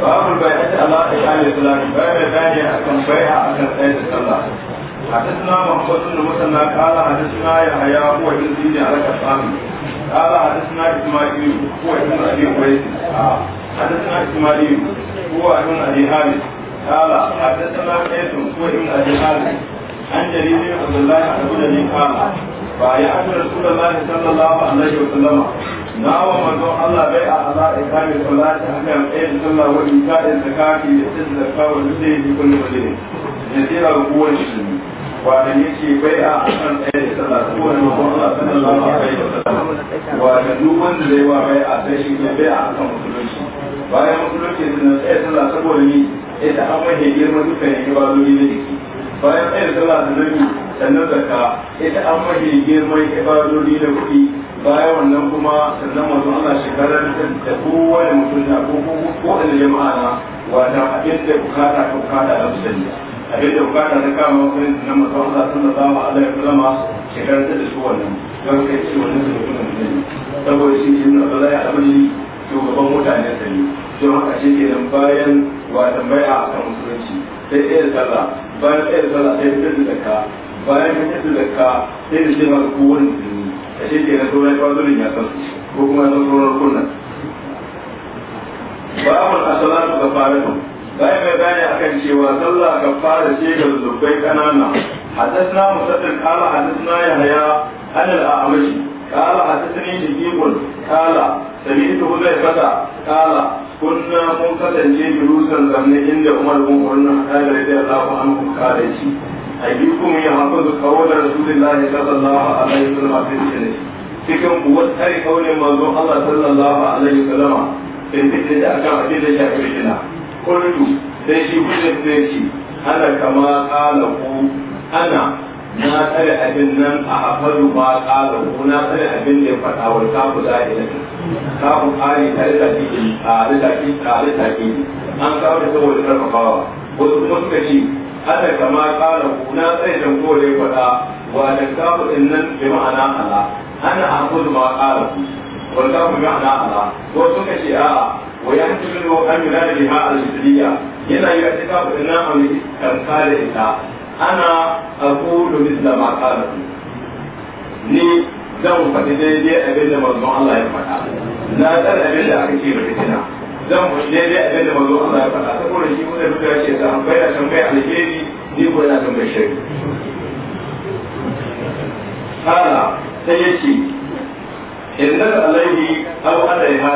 Babu bai ta Allah ta kare zuwa da dani akan tsaye da sallah. حدثنا محمد بن مثنى قال حدثنا يحيى هو يزيد على كفامي قال حدثنا اسماعيل هو ابن ابي قريش حدثنا اسماعيل هو ابن ابي حامد قال حدثنا قيس هو ابن ابي حامد عن جرير بن عبد الله عن ابو قال بايعت رسول الله صلى الله عليه وسلم نعم من الله بيع على إقام الصلاة أحكام إيه الصلاة وإيتاء الزكاة يستجد الزكاة والمسيح في كل مدينة جزيرة وقوة المسلمين wannan yake bai a akan ɗaya da sallah ko wani mutum Allah sallallahu alaihi wasallam wannan duk wanda zai wa bai a sai shi ne bai a akan musulunci bayan musulunci sun tsaye sallah saboda ni ita an mahe girma dukkan yake ba zo ne bayan tsaye sallah da nan sannan zakka ita an mahe girma yake ba zo ne kuɗi bayan wannan kuma sannan mutum Allah shekarar da kowane mutum na ko ko ko da jama'a na wata abin da bukata ka bukata da musulunci abin da bukata ta kama wani na masu Allah sun da zama Allah ya masu. shekarar ta da su wannan don kai ce wannan su da kuma mutum saboda shi ke nuna Allah ya abin shugaban mutane sani don haka shi ke nan bayan wa tambaya a kan musulunci sai ɗaya sallah bayan ɗaya sallah sai fitar da ka bayan fitar da ka sai da shi maka kowane musulmi da shi ke nan sauran kwazurin ya san ko kuma ya san sauran kunna. ba a mun asalatu ga faratun bai mai a kan cewa sallah ga fara ce ga zubbai kanana حدثنا مسدد قال حدثنا يحيى kala الأعمش قال حدثني شقيق قال سمعت حذيفة قال كنا منقطع جلوسا زمن عند عمر بن ya rasulullahi sallallahu alaihi wasallam cikin kuwar tsari kaulin manzon Allah sallallahu alaihi wasallam in da aka da shafi kullu sai shi hujjar sai shi kama kala ku ana na tsare abin nan a hafazu ba kala ku na tsare abin da ya faɗa wa kafu zahiri kafu kare tare da kiki da kiki da kiki an kawo da saboda karfafawa wasu kuma suka ce ana kama kala ku na tsare da kowa da ya faɗa wa da kafu ɗin nan bi ma'ana ala ana hafazu ba kala ku wanda ku ma'ana ala ko suka ce a'a ويحتمل أن ينال بها الجدية هنا يعتقد أنها من إستنكار أنا أقول مثل ما قالت ni zan faɗi daidai abin da manzon Allah ya faɗa na tsara abin da aka ce da fitina zan faɗi daidai abin da manzon Allah ya faɗa saboda shi kuma duka ya ce ta bai da kan bai alheri ni ko ina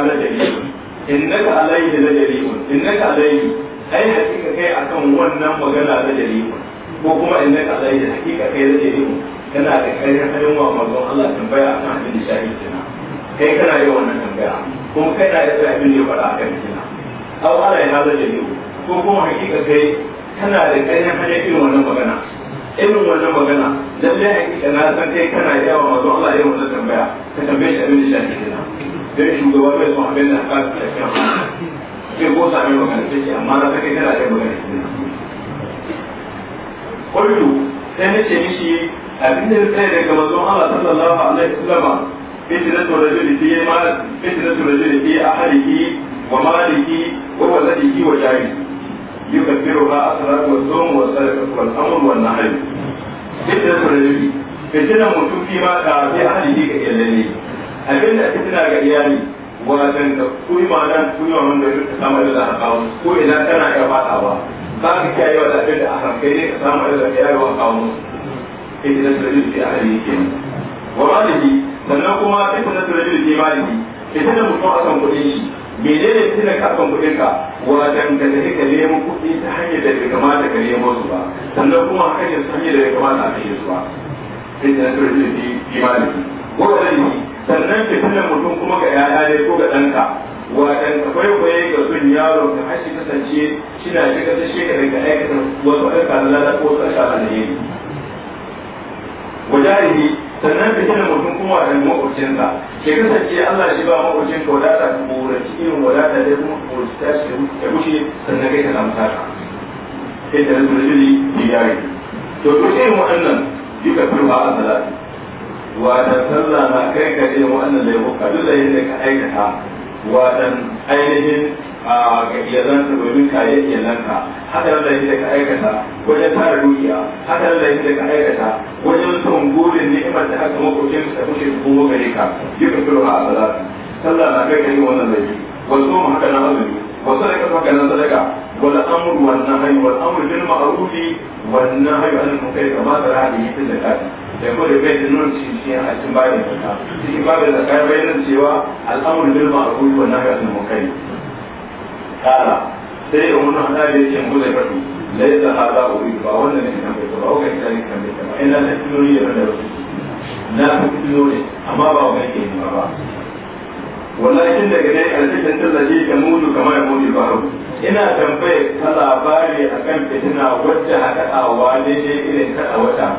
bai inna innaka alayhi la dalilun innaka alayhi ai hakika kai akan wannan magana da dalilun ko kuma innaka alayhi hakika kai da dalilun kana da karin halin wa manzon Allah tambaya akan abin da shahi kina kai kana yi wannan tambaya kuma kai na yi abin da ya faɗa akan kina aw ala ya da dalilun ko kuma hakika kai kana da karin halin irin wannan magana irin wannan magana lallai hakika na san kai kana yawa manzon Allah ya wannan tambaya ka tambaye shi abin da shahi kina sai shugaban mai son abin da ka fi da sai ko sami magana take amma ta kai tana da magana kullu sai nace mishi abin da kai daga manzon Allah sallallahu alaihi wasallam wa wa wa asrar wa wa wal amr nahy mutum fi ma da ga iyalansa abin da tuna ga iyali wajen da kuyi nan kuyi wa wanda ya samu da aka kawo ko ina kana iya faɗawa ba ka kiyaye wa da abin da aka kai ne ka samu da aka yi wa kawo in da sirri ke ahli ke wa malihi sannan kuma fitina sirri fi malihi da mutum akan kuɗin shi menene fitina ka akan kuɗin ka wajen ka tafi ka nemo kuɗi ta hanyar da bai kamata ka nemo su ba sannan kuma hanyar su hanyar da bai kamata a kai su ba fitina sirri ke malihi wa malihi sannan fitinan mutum kuma ga yaya ne ko ga ɗanka waɗanda kwaikwaye ga sun yaro ka hashi kasance shina shi kasa shekara ga aikata wasu aika na lada ko wasu asha da yi wajarihi sannan fitinan mutum kuma waɗanda maƙwabcinsa ke kasance Allah shi ba maƙwabcin ka wadata ka koraci irin wadata da kuma koraci ta shi ta wuce sannan kai ka samu ka. kai da rajulili biyari to duk irin waɗannan duka firma a salatu watan sallah na kai ka je wannan laifuka duk da yadda ka aikata wadan ainihin a ga iyalanka domin ka yi iyalanka haka da yadda ka aikata wajen tara dukiya haka da yadda ka aikata wajen son burin ni'imar da aka makokin ka kushe kuma gare ka yi ka sulha a salatu sallah na kai ka je wannan laifuka wasu mu haka nan azumi wasu da kafa ganin sadaka wal amru wan nahy wal amru bil ma'ruf wan nahy anil munkar kama tara hadisi da kai da kuma bai da nun shi shi a cikin bayan zakka shi bayan zakka bayanin cewa al amru bil ma'ruf wan nahy anil munkar kala sai umma hadabi ya ce mu zai fadi laisa hada uri ba wannan ne kan bai ba wannan kan kan bai ba ina da tilori da na na tilori amma ba wannan ke ba walakin daga dai alfitan tallafi ta mutu kamar ya mutu baro ina tambaye ta labari akan fitina wacce haka tsawa daidai irin ta wata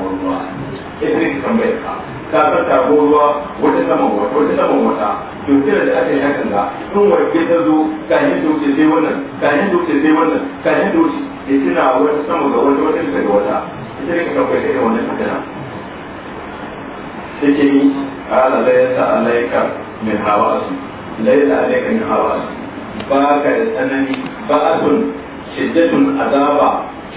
ka ta ta ruwa wata sama wata wata wata da aka yi hakan ga in warke ta zo yi doke sai wannan yi doke sai wannan kayan doke fitina wata sama ga wata wata daga wata ita ne ka tambaye ta wannan fitina take ni ala laisa alaika min hawasi laisa da tsanani ba'atun shiddatun azaba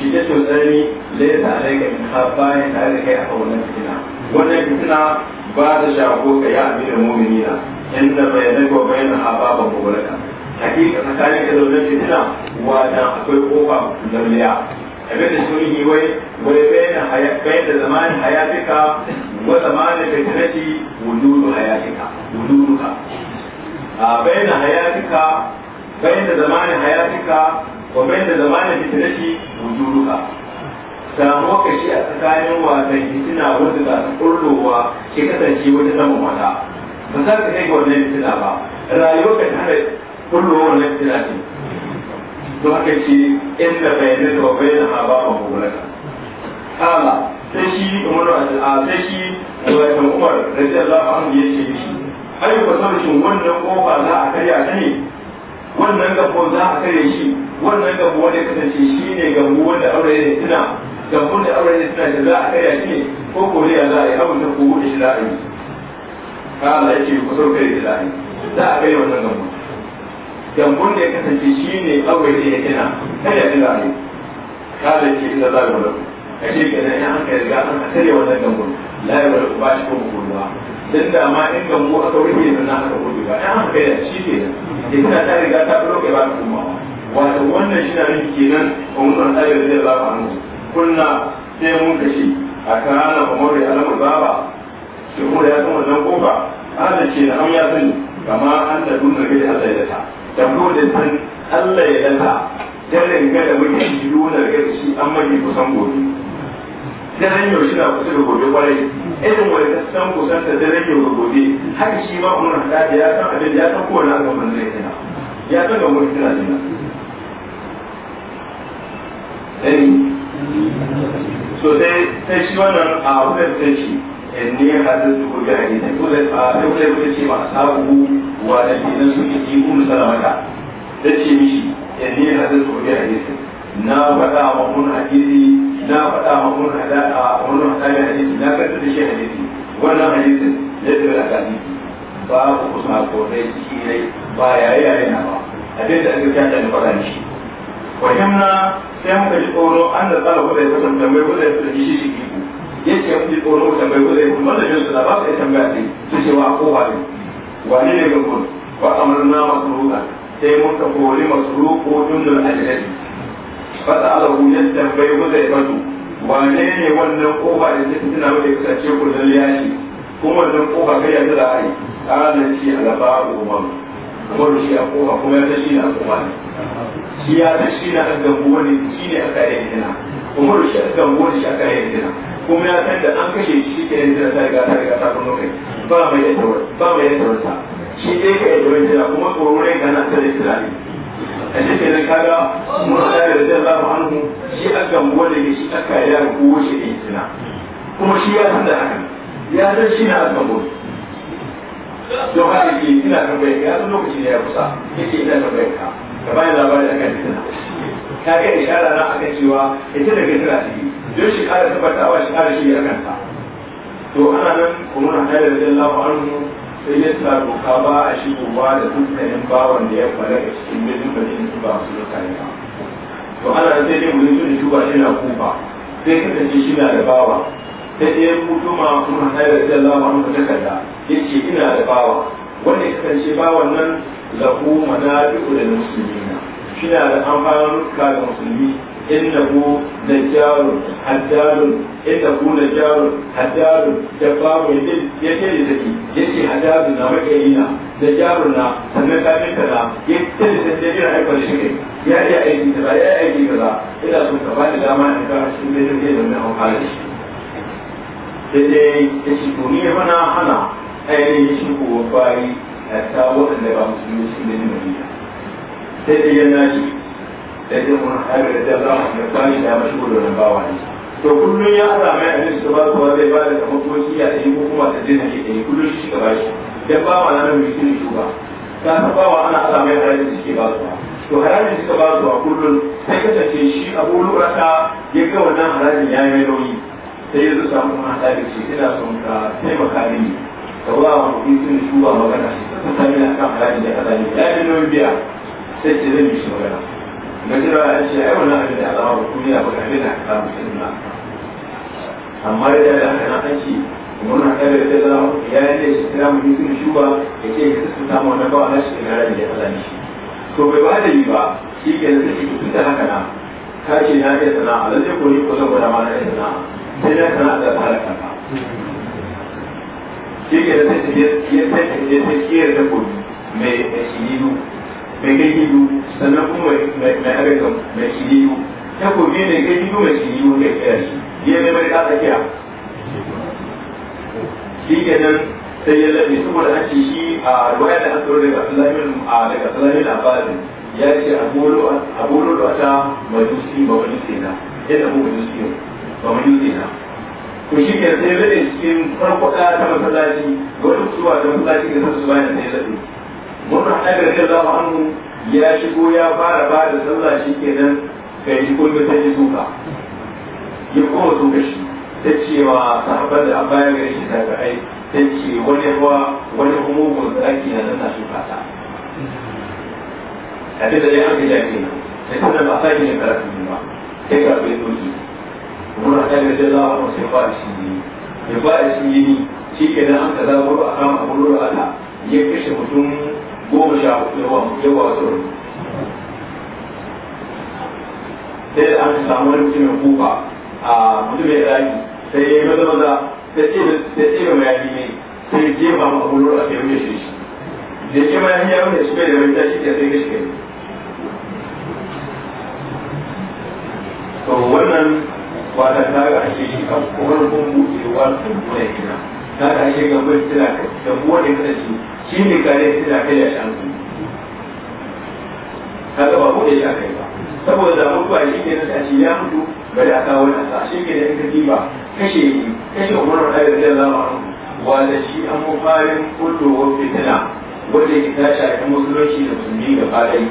shiddatun tsanani laisa alaika min hawas bayan tare a wannan fitina wannan ya amina mu'minina inda bayanai abin da yi wai wai da zamanin hayatika wa zamanin fitinati wududu hayatika بين حياتك بين زمان حياتك وبين زمان فتنك وجودك samuwa ka shi a tsakanin wasan hitina wanda za su kullowa ke kasance wata sama mata ba za ka kai wannan hitina ba rayuwar ka tare kullowa wannan hitina ce to haka ce inda bayanin da bayanin ha ba ba mugulaka kala sai shi umar sai shi wato umar radiyallahu anhu ya ce shi ai ba san shin wannan kofa za a karya ta ne wannan gabo za a karya shi wannan gabo wanda ya kasance shi ne gabo wanda aure ne tuna gabo da aure ne tuna da za a karya shi ne ko ko ne za a yi abin da ku wuce shi za a yi ka Allah yake ku sauke da ilahi za a karya wannan gabo gabo da ya kasance shi ne aure ne tuna karya ilahi ka Allah yake inda za a yi wannan ashe kenan in an karya an karya wannan gabo la yi wani ba shi kuma kuma dan da ma in ga mu aka wuce na na aka wuce ba ɗan haka ya shi ke nan ya ta riga ta furo ke ba ta kuma wato wannan shi na nan nufi kenan umuran ayyar zai ba ka hannu kunna sai mun kashi a kan ana kamar da alamar baba shi kuma ya san wannan kofa ana ce na an ya sani kama an da dunar gari Allah ya ta da ko da san Allah ya ta dare ringa da muke yi dunar gari shi an mafi kusan gobe daren yau shi na kusa da gobe kwarai irin wani ta san kusan ta yau da gobe haka shi ma na hada ya san abin ya san kowane aka manzo ya tana ya san ga wani tana jina ɗani so sai sai shi wannan a wutar sai shi ne hadin su gobe a gina dole a dole dole ce ma sabu wa da dinan su ke yi umar salamata da ce mishi ne hadin su gobe a gina na faɗa wa mun hadisi na faɗa wa mun hada'a wannan hadari hadisi na karanta da shi hadisi wannan hadisin ya tafi da kadi babu kusa ko dai shi ne ba ya yayi yayi na ba abin da aka kyanta da faɗa shi wahimna sai muka ji tsoro an da tsara kuɗa ya kasance tambayi kuɗa ya kasance shi shi iku ya ce mun ji tsoro tambayi kuɗa ya kasance wanda jinsu na ba su ya tambaya sai su ce wa ko wani wani ne ga kun ba amarna masu ruka sai mun ka kori masu ruko dundun ajiyar fada alahu ya tambayi zai fadu wane ne wannan kofa da ta fitina wadda ya kasance kullum ya ce kuma wannan kofa kai ya tura ai kana ce alaba kuma umar shi a kofa kuma ya tashi na kuma ne shi ya tashi na kan gambo ne shi ne aka yi hina umar shi a gambo ne shi aka yi hina kuma ya san da an kashe shi ke yin jira ta riga ta riga ta kuma kai ba mai yadda ba mai yadda wata shi dai ka yadda wata kuma tsoro ne kana ta da tunani kaje kai zan kaga mun da yarda Allah anhu shi a aka wanda ne shi aka ya ko shi ne tana kuma shi ya san da haka ya san shi na aka mu don haka ke ina tambayar ya san lokaci ne ya kusa yake ina tambayar ka ka bayan labari yi tana ta kai ishara na akan cewa ya ita daga tana ciki don shi kara tabbatawa shi kara shi akan ta to ana nan kuma na da Allah anhu sai ya sa doka ba a shigo ba da dukkanin bawan da ya fara a cikin birnin madina su ba su da ne ba to ana da sai dai wani tuni tuba shi na kufa sai ka tafi shi na da bawa ta ɗaya mutuma kuma hayar da Allah mu muka takarda ya ce ina da bawa wanda ya kasance bawan nan mana duk da musulmi na shi na da amfanin ga musulmi إنه نجار حداد إنه نجار حداد جبار يدل يدل ذكي يدل حداد نامك إينا نجار نا سنكامي كذا يدل ذكي رأيك ولشكي يا يا أيدي كذا يا أيدي كذا إذا كنت بعد دام أنك أشتم بذكي لما هو قالش sai يشكوني هنا هنا أي يشكو وفاري أتاوه اللي بامسلوش من المدينة sai yana shi da jin mun haɗa da za mu da tsani da mashi gudu da bawa ne to kullum ya haɗa mai abin su ba su ba zai ba da kamar koci ya ɗaya ko kuma ta dina shi ɗaya kullum shi shiga bashi dan bawa na nan bikin shi ba ta san bawa ana haɗa mai harajin da suke ba su ba to harajin suka ba su a kullum sai kasance shi abu lurata ya ga wannan harajin ya yi nauyi sai ya zo samu mun haɗa da shi ina son ka taimaka mini ka ba wa mutum sun shuwa magana ta sami na kan harajin da ya haɗa ne ya yi nauyi biya sai ce zan yi shi magana na jira ya ce ai wannan abin da alama ba kuma ya ba kafin na ka samu sun na amma da ya da aka na aiki mun haka da ta ya yi da shi kira mun sun shi ba ya ce ya su samu wannan ba na shi ina da ya Allah shi to bai ba da yi ba shi ke da take tun da haka na ka ce na iya sana'a lalle ko ni ko zan gwada ma na iya sana'a sai na sana'a da fara kanka shi ke da take ya take ya take ya take mai shi mai gaji biyu sannan kuma mai agaga mai shiri biyu takobi mai gaji biyu mai shiri biyu kai kira shi ya mai mai kasa kiya shi nan sai ya lalle saboda an ce shi a ruwaya da asoro daga salamin a daga salamin abadin ya ce bolo da wata majusi ba wani tsina yana mu majusi ba wani tsina to shi ke sai lalle cikin farko ta masallaci wani zuwa da masallaci da sassu bayan sai lalle wannan agar kan zama hannu ya shigo ya fara ba da sallah shi ke nan ka yi kullum sai ya suka ya kuma suka shi ta cewa sahabban da abaya gare shi ta ga ai ta ce wani ruwa wani humugun da ake na nan na suka ta a da ya an gaja ke nan sai kuma ba sa yi ne karatu ba sai ka bai doki wannan agar kan zama hannu sai ba shi ne ya ba shi yi shi ke nan an ka zama a kama a wani ya kashe mutum goma sha hudu yawa yawa wasu rubu sai da an samu wani mutumin kufa a mutumin iraki sai ya yi maza maza da tsibe mayami ne sai je ba ma hulur a sai shi da ke mayami ya wuce shi bai da wani tashi ke sai gashi kai to wannan wata ta ga ake yi a kowane kuma buɗewa da buɗe na ta ga ake gabar tira da buɗe kasance shi ne kare shi da kai shi Ka kaga ba da ya kai ba saboda mutuwa shi ke na tashi ya mutu ba da aka wani asa shi ke da in kaji ba kashe kashe da ayyar da zama wanda shi an mufarin kullu fitina wanda ya tashi a musulunci da musulmi da fadai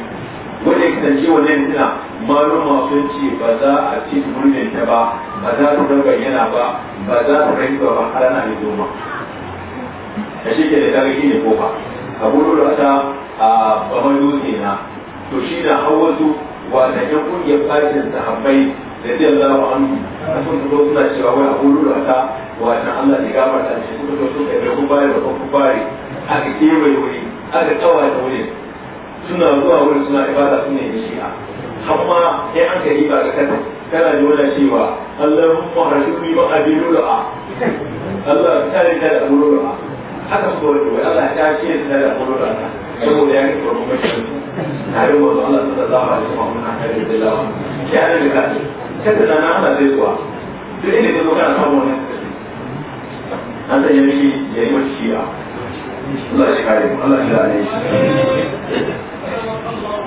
wanda ya kasance wannan fitina malum masu ce ba za a ci mulmin ta ba ba za su bayyana ba ba za su rinka ba har na yi zoma da shi ke da kare shi ne kofa a gudu da wata a bamar dutse na to shi na hau wasu wata yan kungiyar fashin sahabbai da zai zama an a sun fito suna cewa wai a gudu da wata wata allah ya gabar da shi suka sun suka da kuma da kuma bari aka kewaye wuri aka tsawaye wuri suna zuwa wurin suna ibada suna yi shi'a amma sai an kai ba ga kanta kana ji wani cewa Allahumma rasulni ba da a Allah ta da da a haka su kawai wai Allah ta ce da da kuma da saboda ya nufi kuma shi tare wa Allah sallallahu alaihi wa sallam ta da lawa ya da ka kada da nan Allah zai zuwa duk inda ka zo kana samu an san ya shi ya yi wata shi'a Allah shi kare mu Allah shi da ne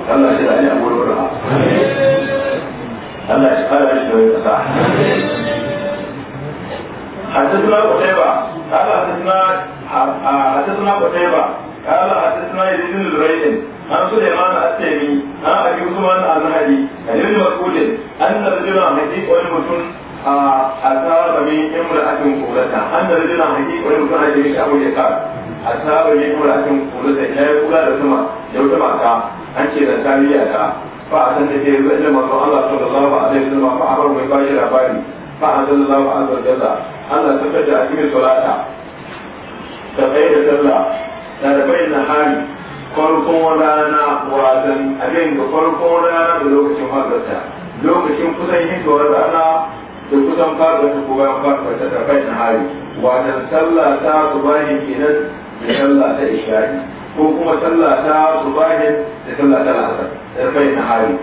Allah shi da ne a gurbin ra'a Allah shi kare shi da wata حدثنا قتيبة حدثنا حدثنا قتيبة قال حدثنا يزيد بن زريع عن سليمان التيمي عن ابي عثمان النهدي عن ابن مسعود ان رجلا حقيق والمسلم أصاب من امرأة قولتها أن رجلا حقيق والمسلم حقيق أبو يقال أصاب من امرأة قولتها لا يقول هذا ثم يوتمعك أنت رسالية فأسنت في رجل مرضى الله صلى الله عليه وسلم فأخبر مباشر أباري فأنزل الله عز وجل أن تفجأ أتم صلاته ka tsaye da sallah bai na hari farkon rana wajen abin da farkon rana da lokacin fadarta lokacin kusan tsoron rana da kusan fadarta ko bayan fadarta da bai na hari watan sallah ta su bayan kenan da sallah ta ishari ko kuma sallah ta su bayan da sallah ta lasar da bai na hari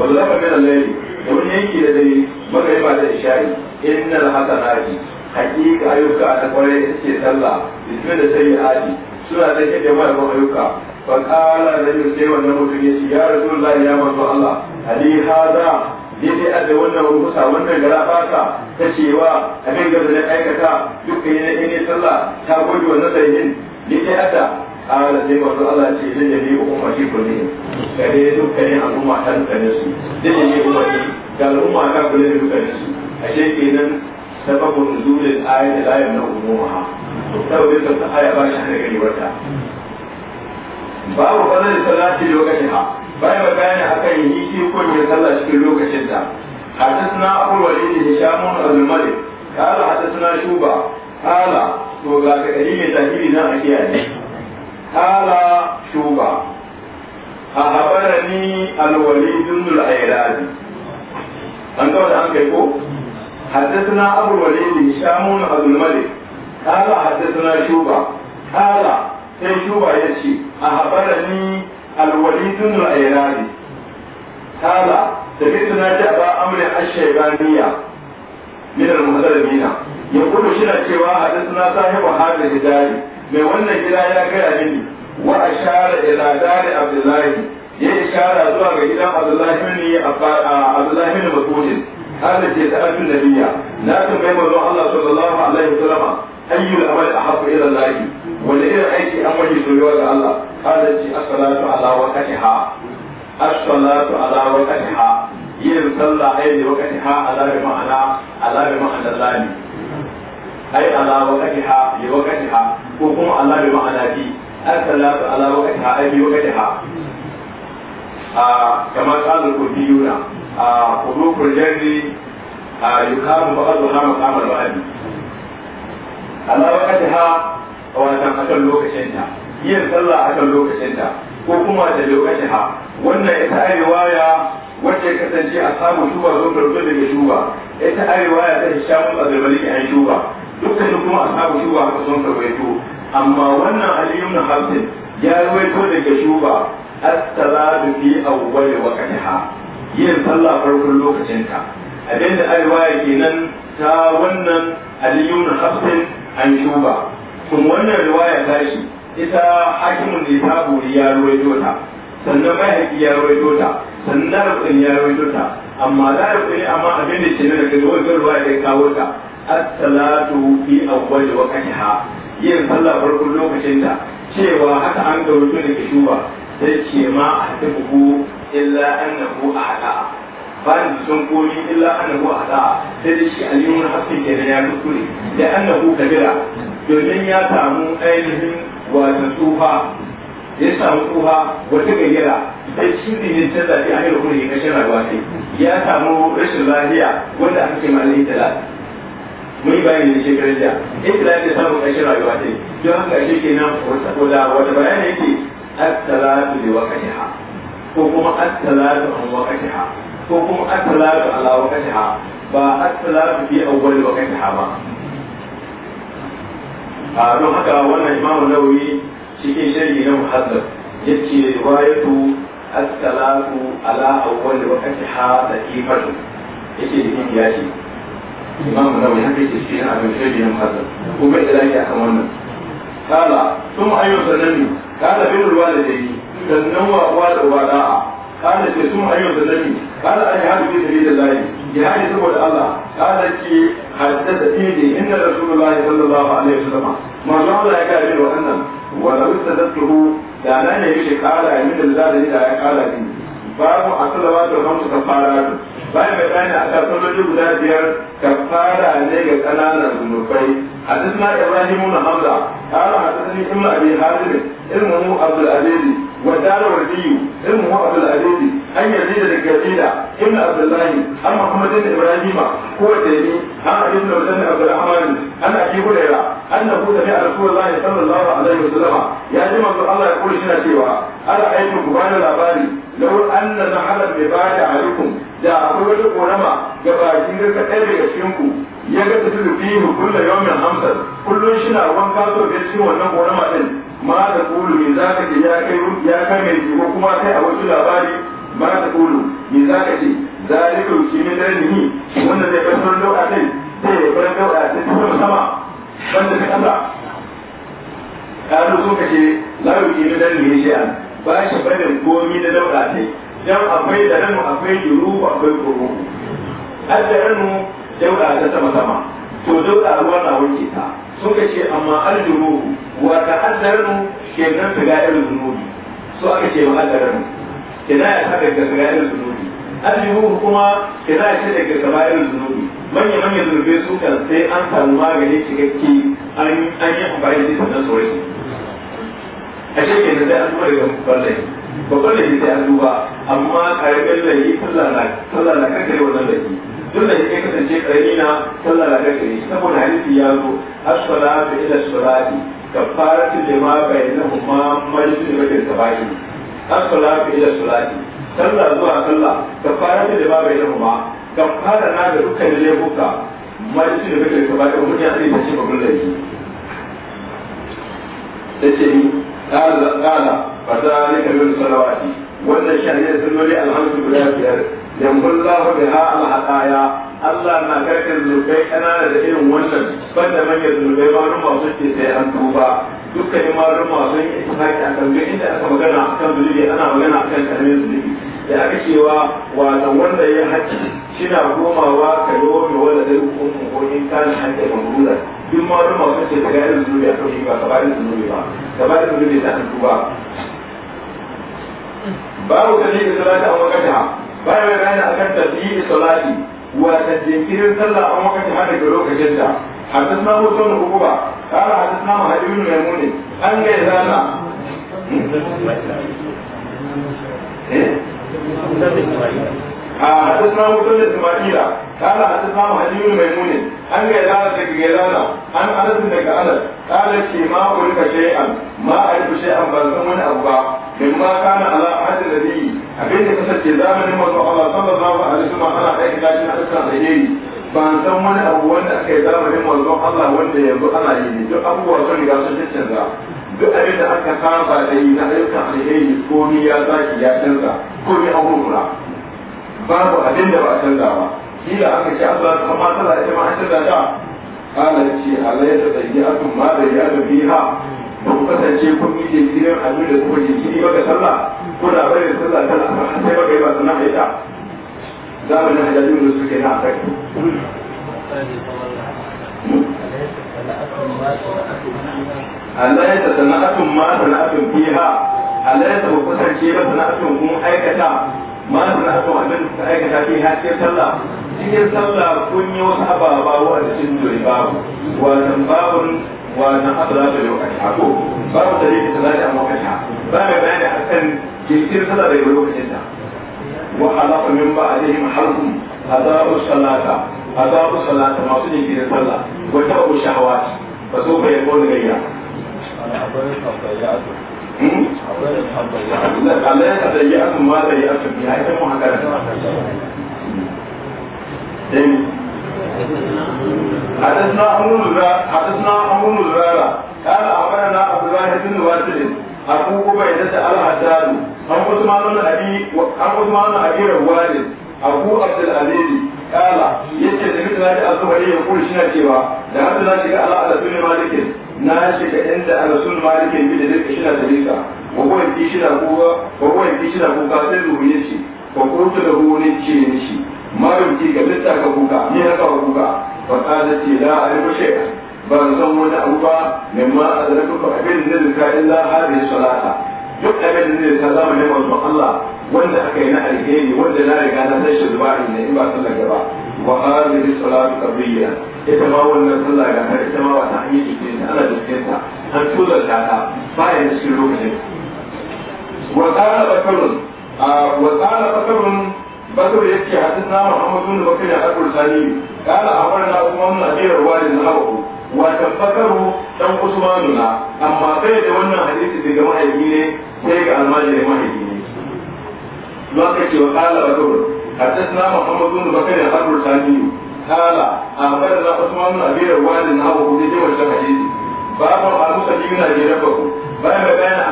wallafa min al-layli da wani yanki da dai magariba da ishari innal hasanati hakika ayyuka ta kwarai da suke sallah bismi da aji suna da yake mai ayyuka fa qala rajul sai wannan mutum ya ce ya rasulullahi ya manzo Allah ali hada daidai da wannan rubuta wannan gara fata ta cewa abin da na aikata dukkan yana ne sallah ta gode wannan sahihin daidai ada ala sai manzo Allah ce zai da biyu umma shi kulli kare dukkanin al'umma ta dukkanin su zai da biyu umma shi ga al'umma ta kulli dukkanin su ashe kenan sababun nuzulil ayati la yamna umuha sau da ba shi da gani babu fadar da sallah cikin lokacin ha bayan ba bayani haka yin yi shi ko ne cikin lokacin da hata suna abubuwa ne da shamun al-malik kala hata suna shuba kala to ga ka ɗari mai zahiri na akiya kala shuba a habara ni al-wali dundul ayyadi an kawai da an kai ko hata suna abubuwa ne da shamun al قال حدثنا شوبة قال sai shuba ya ce a haɓara ni alwalidun al'airari kala da fitna ta ba amurin ashaibaniya min al-muhadabina ya kudu shi na cewa hadisna sahibu hadal hidari mai wannan gida ya gaya mini wa ashara ila dari abdullahi ya ishara zuwa ga gidan abdullahi ne abdullahi ne masudin hada ce ta abin nabiya na tambayi manzon Allah sallallahu alaihi wasallam ayyul amal ahabbu ila Allah wanda irin aiki an waje soyuwa ga Allah kada ci as-salatu as-salatu ala waqtiha yin sallah ai da waqtiha ala bi ma'ana ala bi ma'ana Allah ai ala waqtiha ko kuma ma'ana bi as-salatu ai كما قال الكوفيون قلوب الجن يقام بعضها مقام الوالي ala wakati ha a wani akan lokacin ta yin sallah akan lokacin ta ko kuma da lokacin ha wannan ita a riwaya wacce kasance a samu shuba zo karfi daga shuba ita a riwaya ta hishamu a zarbalin yan shuba dukkanin kuma a samu shuba haka sun karfaito amma wannan Aliyu na hamsin ya ruwaito daga shuba as-salatu fi awwal waqtiha yin sallah farkon lokacin ta abinda a riwaya kenan ta wannan Aliyu na hamsin an shuba kun wannan riwaya ta shi ita hakimin ne ta buri ya ruwaito ta sannan mahaifi ya ruwaito ta sannan larabtsin ya ruwaito ta amma larabtsin amma abin da ke nan daga zuwa ruwaya da ya kawo ta as-salatu fi awwal waqtiha yin sallah farkon lokacin ta cewa haka an ga da ke shuba sai ce ma a tafi illa annahu haka. bani son koshi illa annahu ahda sai da shi aliyun haske ke da ya kuskure da annahu kabira domin ya samu ainihin wata tsufa ya samu tsufa wata gayyara sai shi ne ne ta zafi a yau kuma ya kashe rayuwa sai ya samu rashin lafiya wanda aka ce malai talat mun yi bayani da shekarun jiya ita ya samu kashe rayuwa sai don haka shi kenan wata bayani yake at-talatu li waqtiha ko kuma at-talatu an waqtiha ko kuma at-talaqu ala waqtiha ba at-talaqu fi awwal waqtiha ba a don haka wannan imamu nawawi cikin sharhi na muhazzab yace riwayatu at-talaqu ala awwal waqtiha daqifatu yake da kin yaji imamu nawawi haka yake cikin abin sharhi na muhazzab bai da lafiya kan wannan kala sun ayyuka nabi kala bin ruwa da dai sannan wa wa da da'a قال تسمع أيها الزلمي قال أجهاد في سبيل الله جهاد سبب الله قال كي حدثتني إن رسول الله صلى الله عليه وسلم ما شاء الله يكاد وأنا ولو استددته دعنا يمشي قال من الله إذا قال لي باب الصلوات الخمس كفارات bayan mai bayani a kan sojoji guda biyar kafara ne ga ƙananan zunubai hadisna ibrahim na hamza qala hadathani ibnu abi hazim ibnu abdul aziz ودار الردي ابن عبد العزيز أن يزيد الكثير ابن عبد الله عن محمد بن إبراهيم هو تيمي عن ابن بن عبد الرحمن عن أبي هريرة أنه سمع رسول الله صلى الله عليه وسلم يا جماعة الله يقول شنا سوى أرأيتم بان الأباري لو أن نحل العباد عليكم da akwai wata korama ga bakin ga kaɗai daga cikinku ya ga tafi da fiye kullum yawon hamsar kullum shi na wanka so ga cikin wannan korama din ma da kulu me za ka ce ya kai ya kai mai ko kuma kai a wasu labari ma da kulu me za ka ce zalika shi min darnihi wannan zai fasar dauka din zai ya bar dauka ta cikin sama wanda ta kasa kalu sun kace la yuki min darnihi shay'an ba shi barin komi na dauka sai dan akwai da ranu akwai yuru akwai kuru adda ranu da ta sama sama to dauka ruwa na wanke ta suka ce amma aljuru wa ta'azzaru kenan su ga irin zunubi su aka ce ma'addarnu kenan ya saka ga su ga irin zunubi aljuru kuma kenan ya saka daga saba irin zunubi manyan manya zunubi su kan sai an samu magani cikakke an yi amfani da sannan sauran su a ce da da an duba daga babban ba babban da sai an duba amma karamin laifi sallah na kankare wannan laifi duk da ya kasance karami na sallah na gari saboda hadisi ya zo as-salatu ila salati kafaratu lima bainahuma majlis bajin tabayi as-salatu ila salati sallah zuwa sallah kafaratu lima bainahuma kafara na da dukkan laifuka majlis bajin tabayi mun ya sai ce babul laifi yace ni qala qala fa dhalika min salawati wannan shari'a salloli alhamdulillah biyar yambullahu biha al-haqaya Allah na karka zunubai kanana da irin wannan banda manyan zunubai malum masu ce sai an duba dukkanin malum masu yin ittifaqi a kan inda aka magana a kan zunubi ana magana akan karamin zunubi da aka cewa wato wanda ya haƙi shina komawa ka yomi wanda zai hukumu ko in kan haƙi mamrura duk malum masu ce daga irin zunubi a kan ba gabanin zunubi ba gabanin zunubi sai an duba babu dalilin salata a wakata ba da gane a kan tafiye salati wata jinkirin sallah an wakati ma daga lokacin da حدثنا ابو بكر بن عقبه قال حدثنا حدثنا مسلم اسماعيل قال حدثنا محمد بن ميمون عن غيلان دك a عن انس دك انس قال شي ما قلت شيئا ما اعرف شيئا بل من ابا مما كان على عهد النبي abin da kasance zamanin manzo Allah sallallahu alaihi wasallam ana aikata shi a cikin alheri ban san wani abu wanda aka yi zamanin manzo Allah wanda yanzu ana yi duk abubuwa sun riga sun canza duk abin da aka saba da yi na ayyukan alheri komai ya zaki ya canza komai an hurmura babu abin da ba a canza ba kila aka ce Allah ta kuma tana ita ma an canza ta kana ce Allah ya tsaye atun ma da ya da biha kun kasance kun yi jinkirin abin da kuma jinkiri maka sallah kuna bari sallah tana sai ba yi ba sana haita zamanin hajjajin da suke na akai Allah ya tsana sana'atun ma sana'atun fiha Allah ya ta kasance ba sana'atun kun aikata ma da so abin da aikata fi haske sallah cikin sallah kun yi wasu ababa wanda cin jori babu wannan babun wannan asalatu da lokaci hako babu dalilin salati a lokaci ba mai bayani akan jinkir sallah da lokacin da wa halafa min ba a ba'dihim halqum azabu salata azabu salata masu jinkirin sallah wa tabu shahawat fa so bai gona gayya Allah ya kada yi asu ma da yi asu ya ita mu haka da حدثنا عمرو بن حدثنا عمرو بن قال أخبرنا عبد الله بن واصل أبو عبيدة الحداد عن عثمان بن أبي عن عثمان بن أبي رواد أبو عبد العزيز قال يجد مثل هذه الزهري يقول شنو سوى لعبد الله قال على سن مالك na shiga inda arasul malikin bi da dukkan shina tarika wa kuwa ki shina kuwa wa kuwa ki shina kuka sai ruhu ya ce wa kurtu da ruhu ne ce ni shi marin ki ga litta ka kuka ni na ka kuka fa kada ce la arifu shay'a ba san wani abu ba mimma azrakuka abin da zai ka illa hadhihi salata duk abin da zai ka zama ne manzo Allah wanda aka yi na alheri wanda na riga na sai shi zubarin ne in ba sallar gaba wa hadhihi salatu qabliya ita ma wannan sallah ga ta ita ma ba ta hanyar jikin ta ana jikin ta an tuzar ta ta bayan cikin lokacin wa qala bakarun wa qala bakarun bakar yake hadin na Muhammadu da Bakar ya Abu Sani qala a wani na ajiyar wajen na Abu wata bakaru dan Usmanu na amma kai da wannan hadisi daga mahaifi ne sai ga da mahaifi ne lokaci wa qala bakarun حدثنا محمد Muhammadu بكر الحرب الثاني kala a bada na fasu mamu na biyar wani na abu kudi ke wancan hadisi ba a kuma masu sabi yuna a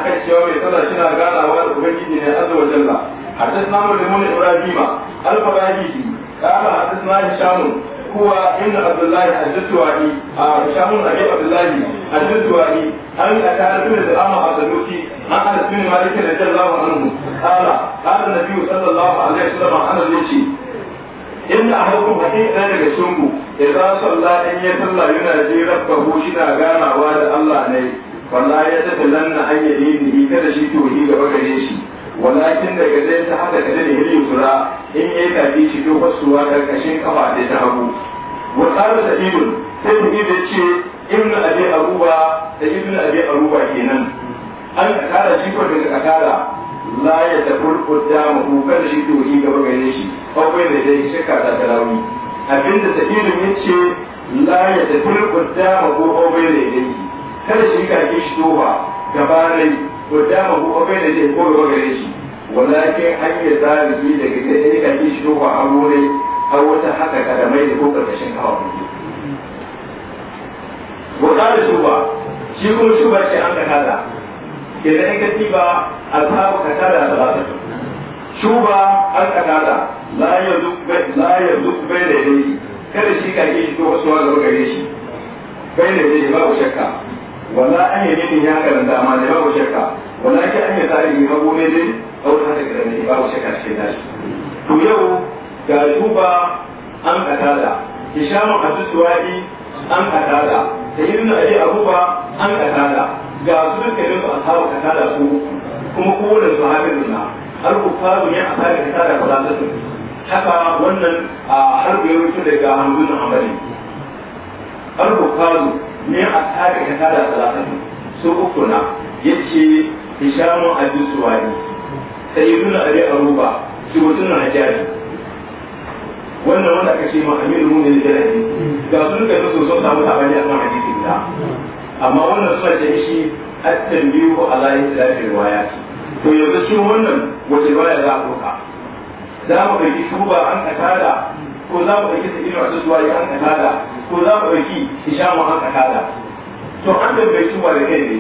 kan cewa a ta sinamu da alfarahi kala a ta sinamu shamu kuwa inda an a da zama a saduki an inda a hukun haƙi ɗan daga cinku ya za su Allah in ya sallah yana je rabba ko shi na ganawa da Allah ne wala ya tafi nan na an yi ni kada shi to ni gaba gare shi walakin daga zai ta haka kada da hili sura in ya kaji shi to fasuwa karkashin kafa da ta hagu wa qala sa'idun sai mu da ce ibnu abi aruba da ibnu abi aruba kenan an kara shi ko daga kakara la ya tafur kudama ku kada shi doki gaba gare shi akwai da dai shakka ta tarawi abinda sakirin yace la ya tafur kudama ku akwai da dai kada shi ka ke shi doba gaba ne kudama ko akwai da dai ko gaba gare shi walakin an yi da daga kai ka ke shi doba a wuri a wata haka kadamai da ko karkashin hawa wa qala shuba shi kuma shuba ce an ka kaza idan in ka tiba ashabu katada da salatu shuba an katada la duk bai la yazuk bai da dai kada shi ka ke shi to wasu wa gaba gare shi bai da dai babu shakka wala an yi ne ya karanta amma da babu shakka wala ki an yi tsari ga gobe dai au ta da karanta babu shakka da nashi to yau ga shuba an katada hishamu asusuwa'i an katada da ibnu abi abuba an katada ga su dukkanin su a ka tada su kuma kowane su da na har ku faru a ashabu ka tada ku zata su haka wannan a har ku yawanci daga hamdun hamadi har ku faru ya ashabu ka tada ku zata su su uku na yace hishamu abisuwani sayyiduna ali na na hajjari wannan wanda aka ce ma amiru ne da jalabi ga su dukkanin su sun samu tabani a kan hadisi guda amma wannan suna da shi hattar biyu ko alayin da fi riwaya to yanzu cikin wannan wace baya za a ɗauka za mu ɗauki shuba an katada ko za mu ɗauki sabirin wasu zuwa an katada ko za mu ɗauki hishamu an katada to an tambayi shuba da kai ne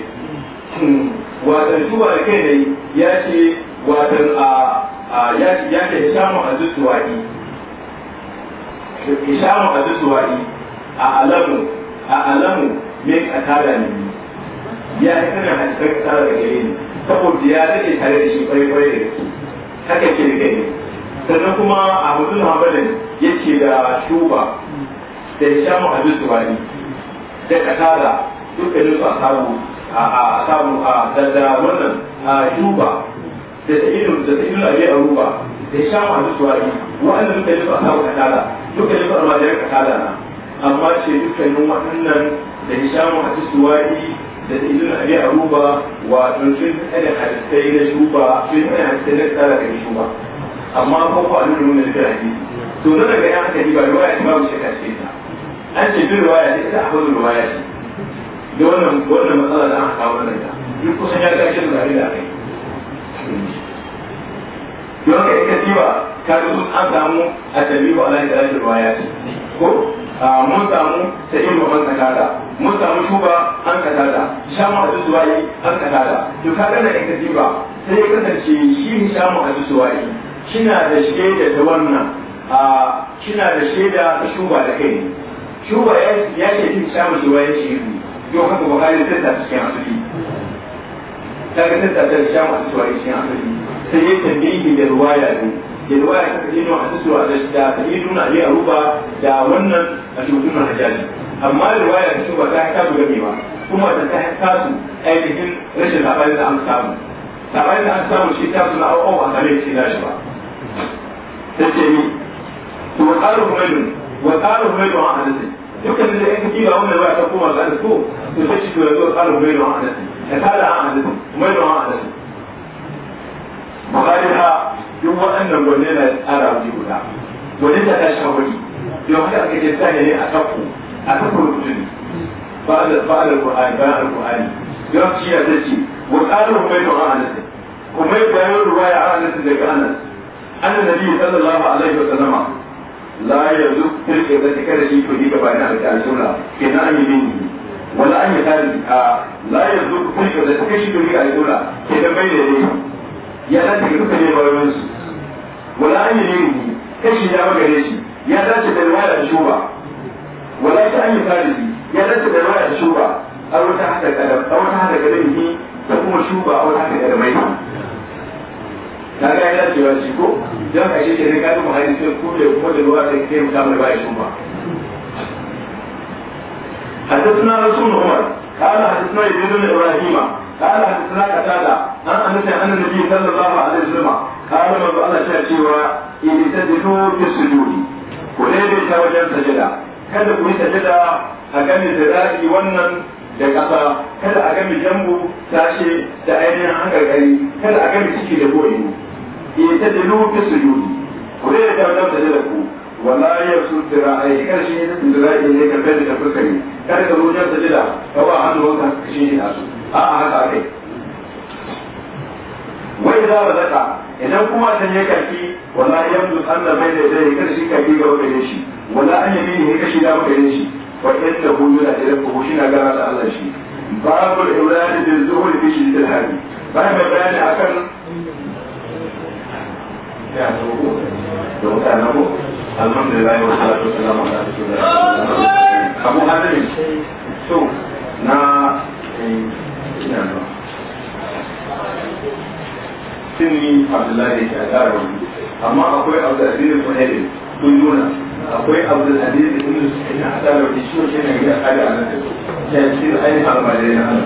watan shuba da kai ne ya ce watan a ya ce hishamu a zuzuwa'i hishamu a zuzuwa'i a alamu a alamu min kasala ne ya ta kana hadisar kasala da gare ni saboda ya rage tare da shi kwarai kwarai da su haka ce da gare sannan kuma a abdul hambalin ya ce da shuba da ya shamu abdul tubani da kasala dukkanin su a samu a samu a da wannan a shuba da ta ilu da ta ilu abin aruba da shamu abdul tubani wa'annan dukkanin su a samu kasala dukkanin su a majalar kasala na amma ce dukkanin waɗannan da hishamu a tisuwari da a abi aruba wato sun da hadisai na shuba sun da hadisai na tsara da shuba amma ko ko an nuna da hadisi to nan daga yan haka ba riwaya ba mu shi kashe ta an ce duk riwaya ce ta ahwal ruwaya ce da wannan wannan matsala da aka kawo nan da duk kusan ya kashe shin gari da kai don ka yi kasiwa ka an samu a tabibu ala da riwaya ko Ah, mun samu sa'in baban katada mun samu shuba an katada shamu a zuwaye an katada to ka gana in ka diba sai ya kasance shi shamu a zuwaye kina da shaida da wannan a ah, kina da shaida ta shuba da kai shuba ya ce kin shamu shi waye shi ne to haka bukari sai ta cikin asali ta ga sai ta shamu a zuwaye cikin asali sai ya tambayi da ruwaya ne da riwaya ta yi wa hadisi wa da ta yi nuna ne a ruba da wannan a shugunan hajjaji amma riwaya ta shuba ta haka bu gamewa kuma da ta haka su ainihin rashin labarin da an samu labarin da an samu shi ta suna au a kare shi na shi ba ta ce ni to wa tsarin humaidun wa tsarin humaidun a hadisi dukkan da yanka kiwa wannan riwaya ta koma ga hadisi ko to sai shi to yanzu tsarin humaidun a hadisi ta tada a hadisi humaidun a hadisi bayanha duk waɗannan gwanne na guda gwanne ta ta sha wuri yau haka kake sa ne a kafu a kafu mutum ba'ala ba'ala qur'ani ba'ala qur'ani yau shi ya zace wa qalu mai to an nasi kuma mai bayan ruwaya an nasi daga anas annabi sallallahu alaihi wasallam la yazuk tilka zati kada shi kudi ga bayan al-jannah kina an yi bin wala an yi tani ah, la yazuk tilka zati kashi kudi ga al-jannah kina bayyana ya dace ga dukkan yabarin su wala an yi ne kashi ya magare shi ya dace da riwaya da shuba wala ta an yi farisi ya dace da riwaya da shuba a wata hada kadam a wata kadam ne kuma shuba a wata hada kadamai ta ga ya dace shi ko dan a ne ga mu sai ko da kuma da ruwa da kai mu samu riwaya shuba حدثنا رسول عمر قال حدثنا ابن ابراهيم قال حدثنا قتادة عن أنس عن النبي صلى الله عليه وسلم قال من الله شاكيوا إذ تدخلوا في السجود وليل توجه سجدا kada ku yi sajada a gami wannan da ƙasa kada a gami jambu sashe da ainihin hangargari kada a gami ciki da goyi in ta dilu fi sujudi ku da ta wajen sajada ku wala ya su a yi shi ne ne ka fayar da fuskari kada ka zo wajen sajada ka ba hannu wanka shi ne nasu a a haka kai wai za wa zaka idan kuma san ya kaki wala yamdu sanda bai da zai kada shi kaki ga wani shi wala an yi ne kashi da wani shi wa inda hu yana da ko shi na gara da Allah shi babu ibrahim da zuhur fi shi da hali bai mai bayani akan ya zo ko da mutanen ko alhamdulillah wa salatu wassalamu ala rasulillah hadin so na eh, ina ba abdullahi wani amma akwai abdullahi da kun nuna akwai abdullahi da kada a nan da su ya ainihin na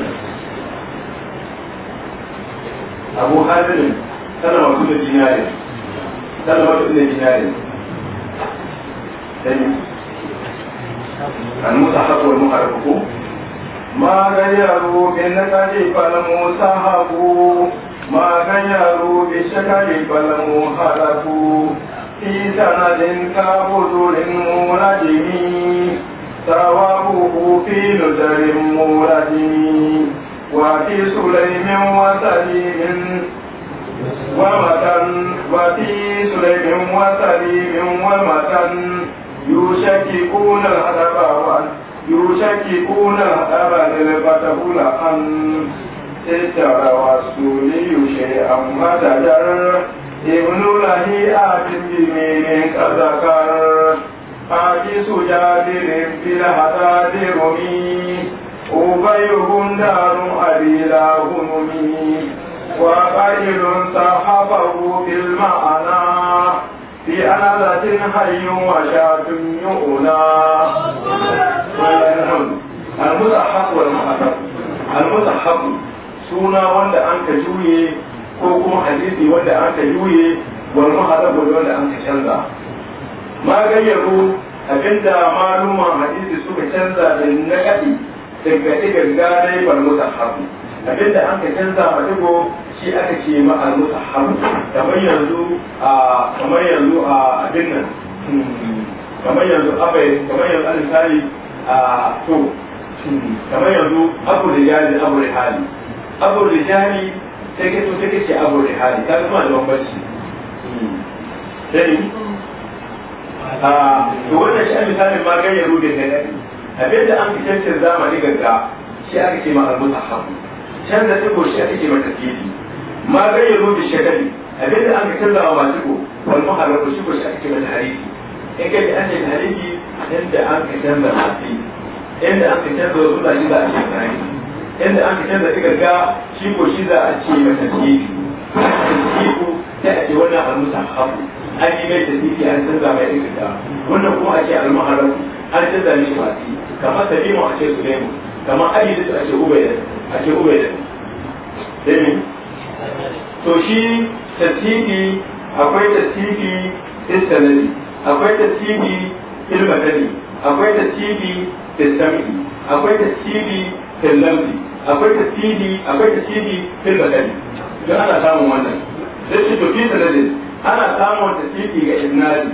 abu hadirin tana wasu da tana wasu da an musa ما غيروا من قلب المسحبوا ما غيروا بالشكل فالمهلكوا في سند كبذر مولد ثوابه في نزل مولد وفي سليم وسليم ومتن وفي سليم وسليم ومتن يشككون الحسن تشكئون أبدا فتقول أن اتر والسولي شيئا متجر ابن لهيئة بمين قد ذكر حديث جابر بالحداد رمي أبي دار أبي لا همي وقليل صحبه بالمعنى في أنذة حي وشاة يؤنى المزحف والمحسب المزحف سونا ka أنك جوي ko kuma hadisi wanda an ka juye wal muhadabu wanda an ka canza ma gayyaru abinda maluman hadisi suka canza da daga digar gare abin da aka canza ma digo shi aka ce ma a al haru kamar yanzu a kamar yanzu a abin nan hmm, kamar yanzu abai kamar yanzu al-misali a to hmm, kamar yanzu abu da rijali abu da hali abu da rijali sai ke to sai ke ce abu hali ka kuma da bambanci hmm, sai a to wannan shi misalin ma gayyaru da ne abin da aka canza zamani gaggawa shi aka ce ma al-mutahhab canza digo shi ake mata tili ma gayyaro da shagali abinda an ka canza wa masu wal ko shi ko shi ake mata hariki in kai an ce hariki inda an ka canza masu inda an ka canza wasu da shi za a ce hariki inda an ka canza digarga shi ko shi za a ce mata tili tili ta ake wannan al-musa hafu an yi mai tasiri an canza mai digarga wannan kuma a ce al-muharrabu an canza mai masu kamar mu a ce mu. kamar da ake ubaidan ake ubaidan sai to shi tasiri akwai tasiri istanadi akwai tasiri ilmatani akwai tasiri istami akwai tasiri fillamzi akwai tasiri akwai tasiri filmatani da ana samun wannan sai shi tafi sanadin ana samun tasiri ga isnadi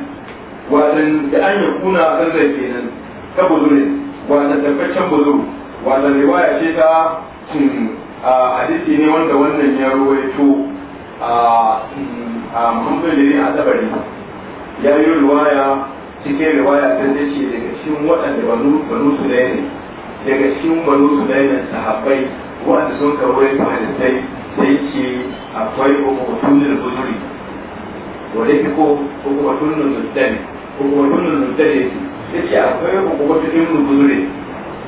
wadan da an yi kuna a kan zai kenan ta buzurin wadan tabbacin buzuri wanda riwaya ce ta hmm, a hadisi ne wanda wannan ya ruwaito a hmm, ne a tabari ya yi riwaya cikin riwaya ta ce daga cikin waɗanda banu su ne daga cikin banu su ne sahabbai wanda sun karɓi hadisai sai ce akwai hukumatun buzuri wanda ke ko hukumatun nuzuri hukumatun nuzuri ya ce akwai hukumatun buzuri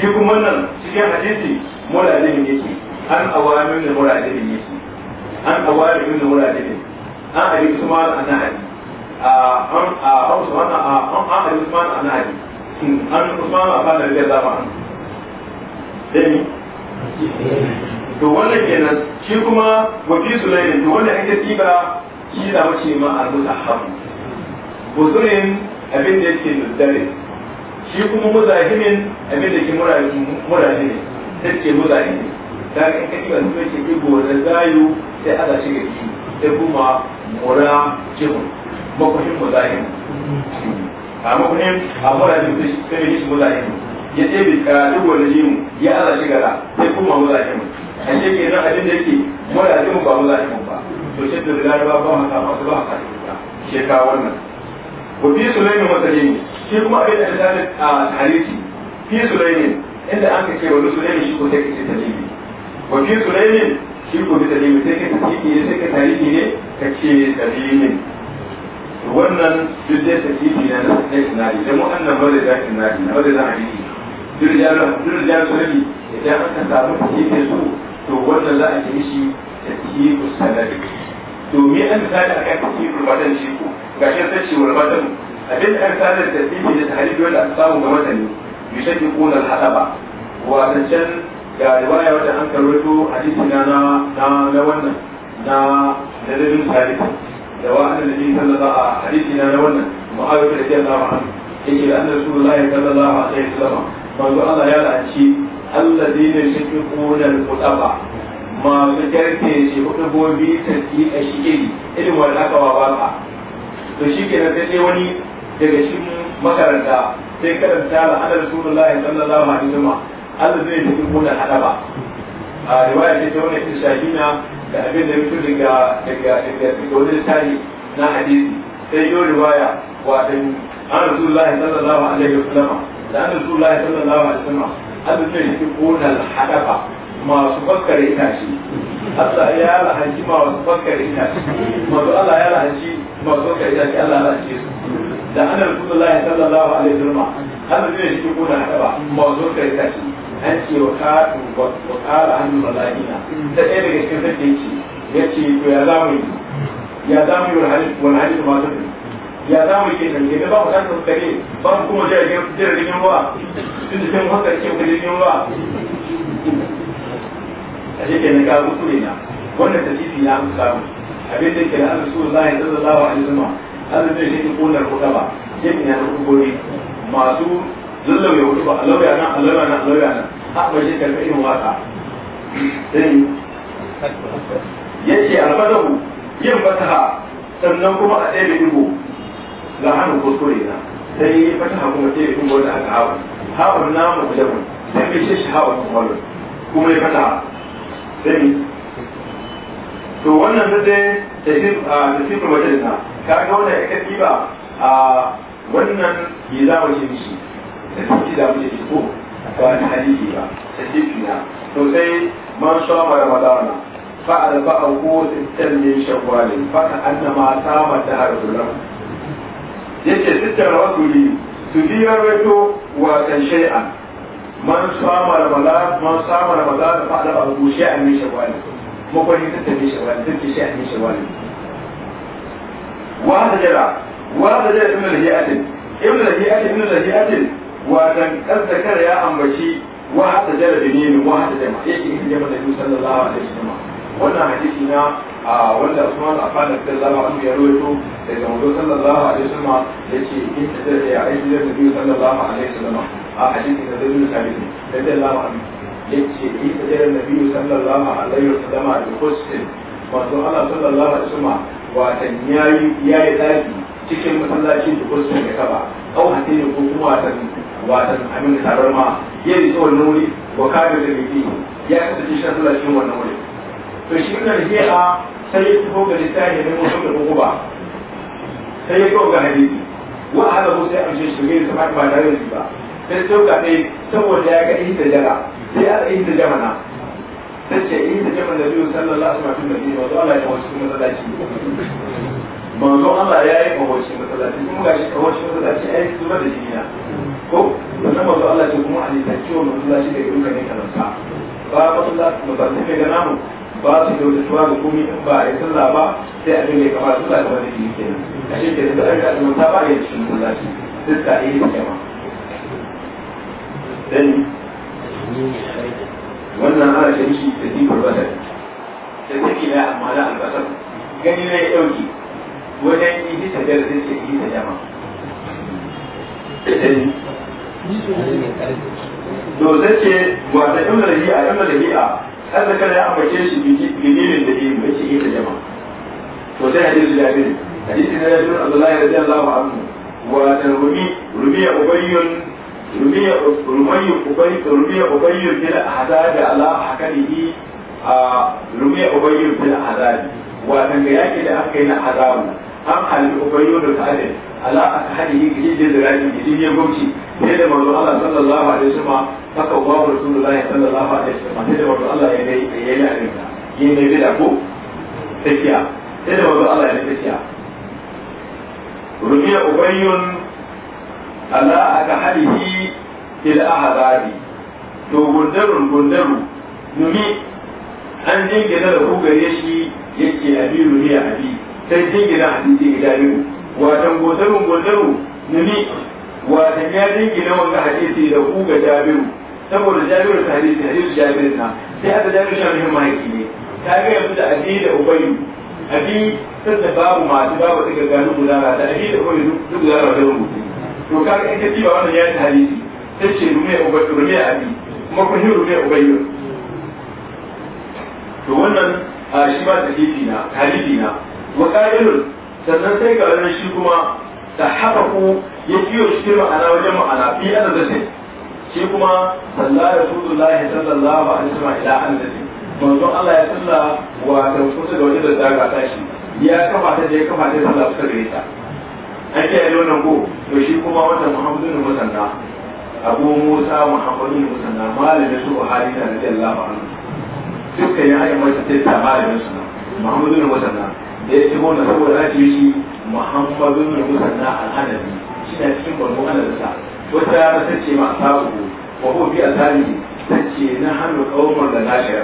shi kuma wannan cikin hadisi muradin yake an awamin da muradin yake an awamin da muradin an abi usman an hadi an an usman an an abi usman an hadi an usman an fara da zama dai to wannan kenan shi kuma wafi sulayni to wanda ake tiba shi da wace ma al-mutahhab buzurin abin da yake nuddare shi kuma muzahimin abin da ke murahimin ta ce muzahimin ta ga in kaji wanda ce ibo da zayu sai ala shi ga shi sai kuma mura jihun makwashin muzahim a makwashin a murahim sai shi shi muzahim ya ce bi ka ibo da jimu ya aza shi gara sai kuma muzahim a ce ke nan abin da ke murahim ba muzahim ba to shi da bilal ba ba ma ta masu ba ka shi ka wannan wa fi sulaimin wa salimi shi kuma abin da ta a hadisi fi sulaimin inda an kace wani sulaimin shi ko sai kace salimi wa fi sulaimin shi ko bi salimi sai kace tiki ne sai kace tarihi ne kace salimin wannan duk dai tiki na na sai sinari da mu'annan ba zai da sinari na ba zai da hadisi duk da ya sulami idan aka samu tiki su to wannan za a ce shi tiki salafi to me an tsada a kan tafsirul matan shi ko ga shi sai shi wal matan abin an tsada da tafsiri da tahribi wanda an samu ga matan bi shakki kunal hadaba wa tancan ga riwaya wata an karoto hadisi na na na wannan na da dalilin tarihi da wa annabi sallallahu alaihi hadisi na na wannan mu'awiyah radiyallahu anhu yake da annabi sallallahu sallallahu alaihi wasallam manzo Allah ya la'anci alladina yashquna al-qutaba masu garke shi hudubobi tarki a shigiri irin wani aka wa ba to shi ke nan dai wani daga shi makaranta sai karanta la ana rasulullahi sallallahu alaihi wasallam Allah zai tafi kuna hada ba a riwaya ce ta wani shahina da abin da fito daga daga daga daga wani tari na hadisi sai yau riwaya wa dan ana rasulullahi sallallahu alaihi wasallam da ana rasulullahi sallallahu alaihi wasallam Allah zai tafi kuna hada ba masu bakkar itace Allah ya lahanci masu bakkar itace masu Allah ya lahanci masu bakkar itace Allah ya lahanci su da ana rasulullahi sallallahu alaihi wasallam haka zai shi ko na haɗa ba masu bakkar itace an ce wa katu wa kala hannu mala'ina ta ɗaya daga cikin sarki ce ya ce to ya zamu yi ya zamu yi wani hadisi masu ya zamu yi kenan ke ba mu kan tsare ba ku kuma jirgin jirgin ruwa tun da sai mu haka ke jirgin ruwa a shi kenan ka kuskure na wannan tafifi ya an samu abin da ke da an su Allah ya tsada zawa an zuma an zai shi kunar kuka ba sai na da kugori masu zullau ya wuce ba alauya nan alauya nan alauya nan a ba shi karɓi irin wata. sai yace alfadahu yin fataha sannan kuma a ɗaya da digo ga hannun kuskure na sai yi fataha kuma sai digo da aka hawa hawa na mu da mu sai bai shi hawa kuma kuma ya fataha sai to wannan sai dai da sifar majalisa ka ga wanda ya kaɗi ba a wannan yi za mu ce shi da suke za mu ko ba ta hadisi ba ta shi na to sai man sha ma ramadana fa'al ko sittan min shawwalin fa ka annama ma da harzulan yace sittan rasuli su fi wato wa kan shay'an man sama ramadan man sama ramadan fa da abu shay'an min shawwal makwani ta tafi shawwal ta tafi shay'an min shawwal wa da jira wa da jira ibn al-hi'atin ibn al-hi'atin ibn al-hi'atin wa dan kazzakar ya ambaci wa da jira bi ne wa da jama'a yake ita jama'a da sallallahu alaihi wasallam wannan hadisi na a wanda a fadar da sallallahu alaihi ya rawaito daga Manzo sallallahu alaihi wasallam ce in ta zai ya aiki da Nabi sallallahu alaihi wasallam a hadisi da Zaid bin Sabit radiyallahu anhu yace in ta zai Nabi sallallahu alaihi wasallam da Hussein wato Allah sallallahu alaihi wasallam watan yayi yayi daki cikin masallaci da Hussein da kaba au hadisi ko kuma watan watan amin tarama yayi tsawon nuri wa kabe da biki ya kasance shi sallallahu alaihi wannan wuri to shi ibn a sai ya tafi ga littafi ne mun da uba sai ya ga hadisi wa hada mu sai amshe shi ne sai ba da yin ba sai to ga dai saboda ya ga inda jara sai ya ga inda jama'a sai ce inda jama'a da biyu sallallahu alaihi wa sallam wa Allah ya wasu masallaci manzo Allah ya yi kawace masallaci kuma shi kawace masallaci ai su da ya ko wannan manzo Allah ce kuma a ne ta ciwo masallaci da yau kan kan sa ba masallaci masallaci ne ga namu ba su da wata tuwa da komi ba a yi sallah ba sai a dole kamar sallah kamar da yake nan a shi ke da aika da mata ba a yi cikin masallaci duk da yi da kyama dan wannan ana shan shi da dikul basar sai take na amma na albasar gani na ya dauki wajen yi hita da sai ce yi ta jama to sai ce wata imar rabi'a imar rabi'a har da ya ambace shi bililin da yi bace yi da jama to sai hadisi ya bin hadisi na yadda Allah ya radiya Allah anhu wa tarumi rubiya ubayyun rubiya rumayyu rumi rubiya ubayy bil ahzab ala hakalihi a rubiya ubayy bil ahzab wa tanga yake da aka yi na azabu an halbi ubayy da ta'adil ala ka akadihi kijin da rani kijin ya gumci sai da manzo Allah sallallahu alaihi wasallam haka wa rasulullahi sallallahu alaihi wasallam sai da manzo Allah ya yi ya yi arinka ya mai bida ko tafiya sai da manzo Allah ya tafiya rubiya ubayyun ala akadihi ila zaɓi. to gundarun gundaru numi an jingina da ku gare shi yake abi rubiya abi sai jingina a ila yau watan gotaru gotaru na ni watan ya na wanga hadisi da ku ga jabiru saboda jabiru ta hadisi hadisi jabiru na sai aka jabiru shan muhimmin mahaifi ne ta ga yanzu da abi da ubayu sun da babu masu babu suka gano gudana da abi da ubayu duk gudanara da rubutu to kaga ita ce ba wannan ya ta hadisi ta ce rume ubayu rume abi kuma kun yi rume ubayu to wannan a shi ba hadisi na hadisi na wa sannan sai ga wannan shi kuma da haka ku ya kiyo shi ma'ana wajen ma'ana fi da zace shi kuma sallah da sallallahu rasulullahi sallallahu alaihi wasallam ila an da zace manzon Allah ya salla wa da kusa da wani da daga tashi ya kafa ta da ya kafa ta sallah suka gare ta an ke ayi wannan ko to shi kuma wannan Muhammadu ne musanna Abu Musa Muhammadu ne musanna malamin su Buhari da radiyallahu anhu duka ya yi mata ta malamin su Muhammadu ne musanna da ya shigo na saboda na ce shi muhammadu ne na al'adami shi na cikin banu anarsa wata rana ta ce ma sabu wa ko bi azali ta ce na hannu kawomar da nashira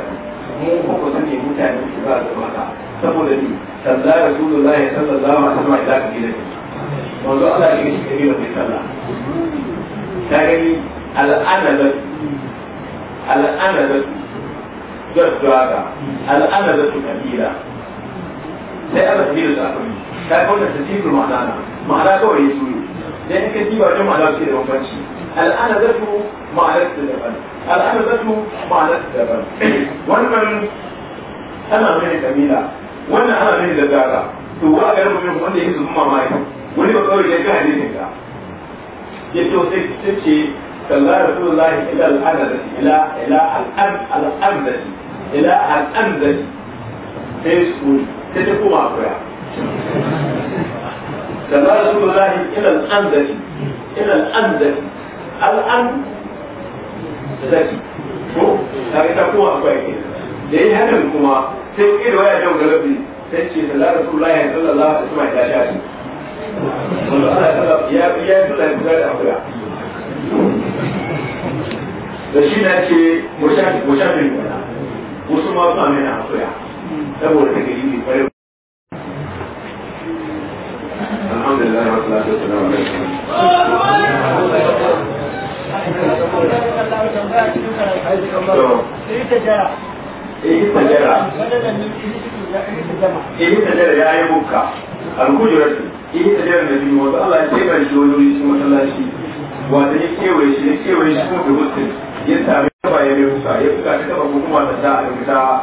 mu ko su ne mutane su ba su maka saboda ni sallah rasulullahi sallallahu alaihi wasallam ila kabila manzo Allah ya shi kabila mai sallah ta gani al'adalatu al'adalatu zazzaka al'adalatu kabila sai Allah ta yi da akwai ta kawo da tasiru ma'ana ma'ana kawai ya suru dan in ka diba ta ma'ana suke da bambanci al'ana zatu ma'ana ta daban al'ana zatu ma'ana ta daban wannan ana mai kamila wannan ana mai da zaka to wa ga rubutu wanda yake zuma mamaki wani ba kawai ya ga hadisin ka yato sai ta ce sallar rasulullahi ila al'adati ila ila al'adati ila al'adati sai su sai ta koma koya sannan rasulullahi ilal an zaki ilal an zaki al an zaki ko ta ta koma koya ke da yi hakan kuma sai ƙira waya jan galabi sai ce da rasulullahi sallallahu alaihi wasallam ya shafi ya ya tula da da akuya da shi na ce mushafi mushafi wasu ma suna nuna akuya saboda ta gari ne kwarai alhamdulillah wa eh, eh, ya yi bukka. Eh, na Allah shi kewaye shi kewaye shi da ya ya ya ta da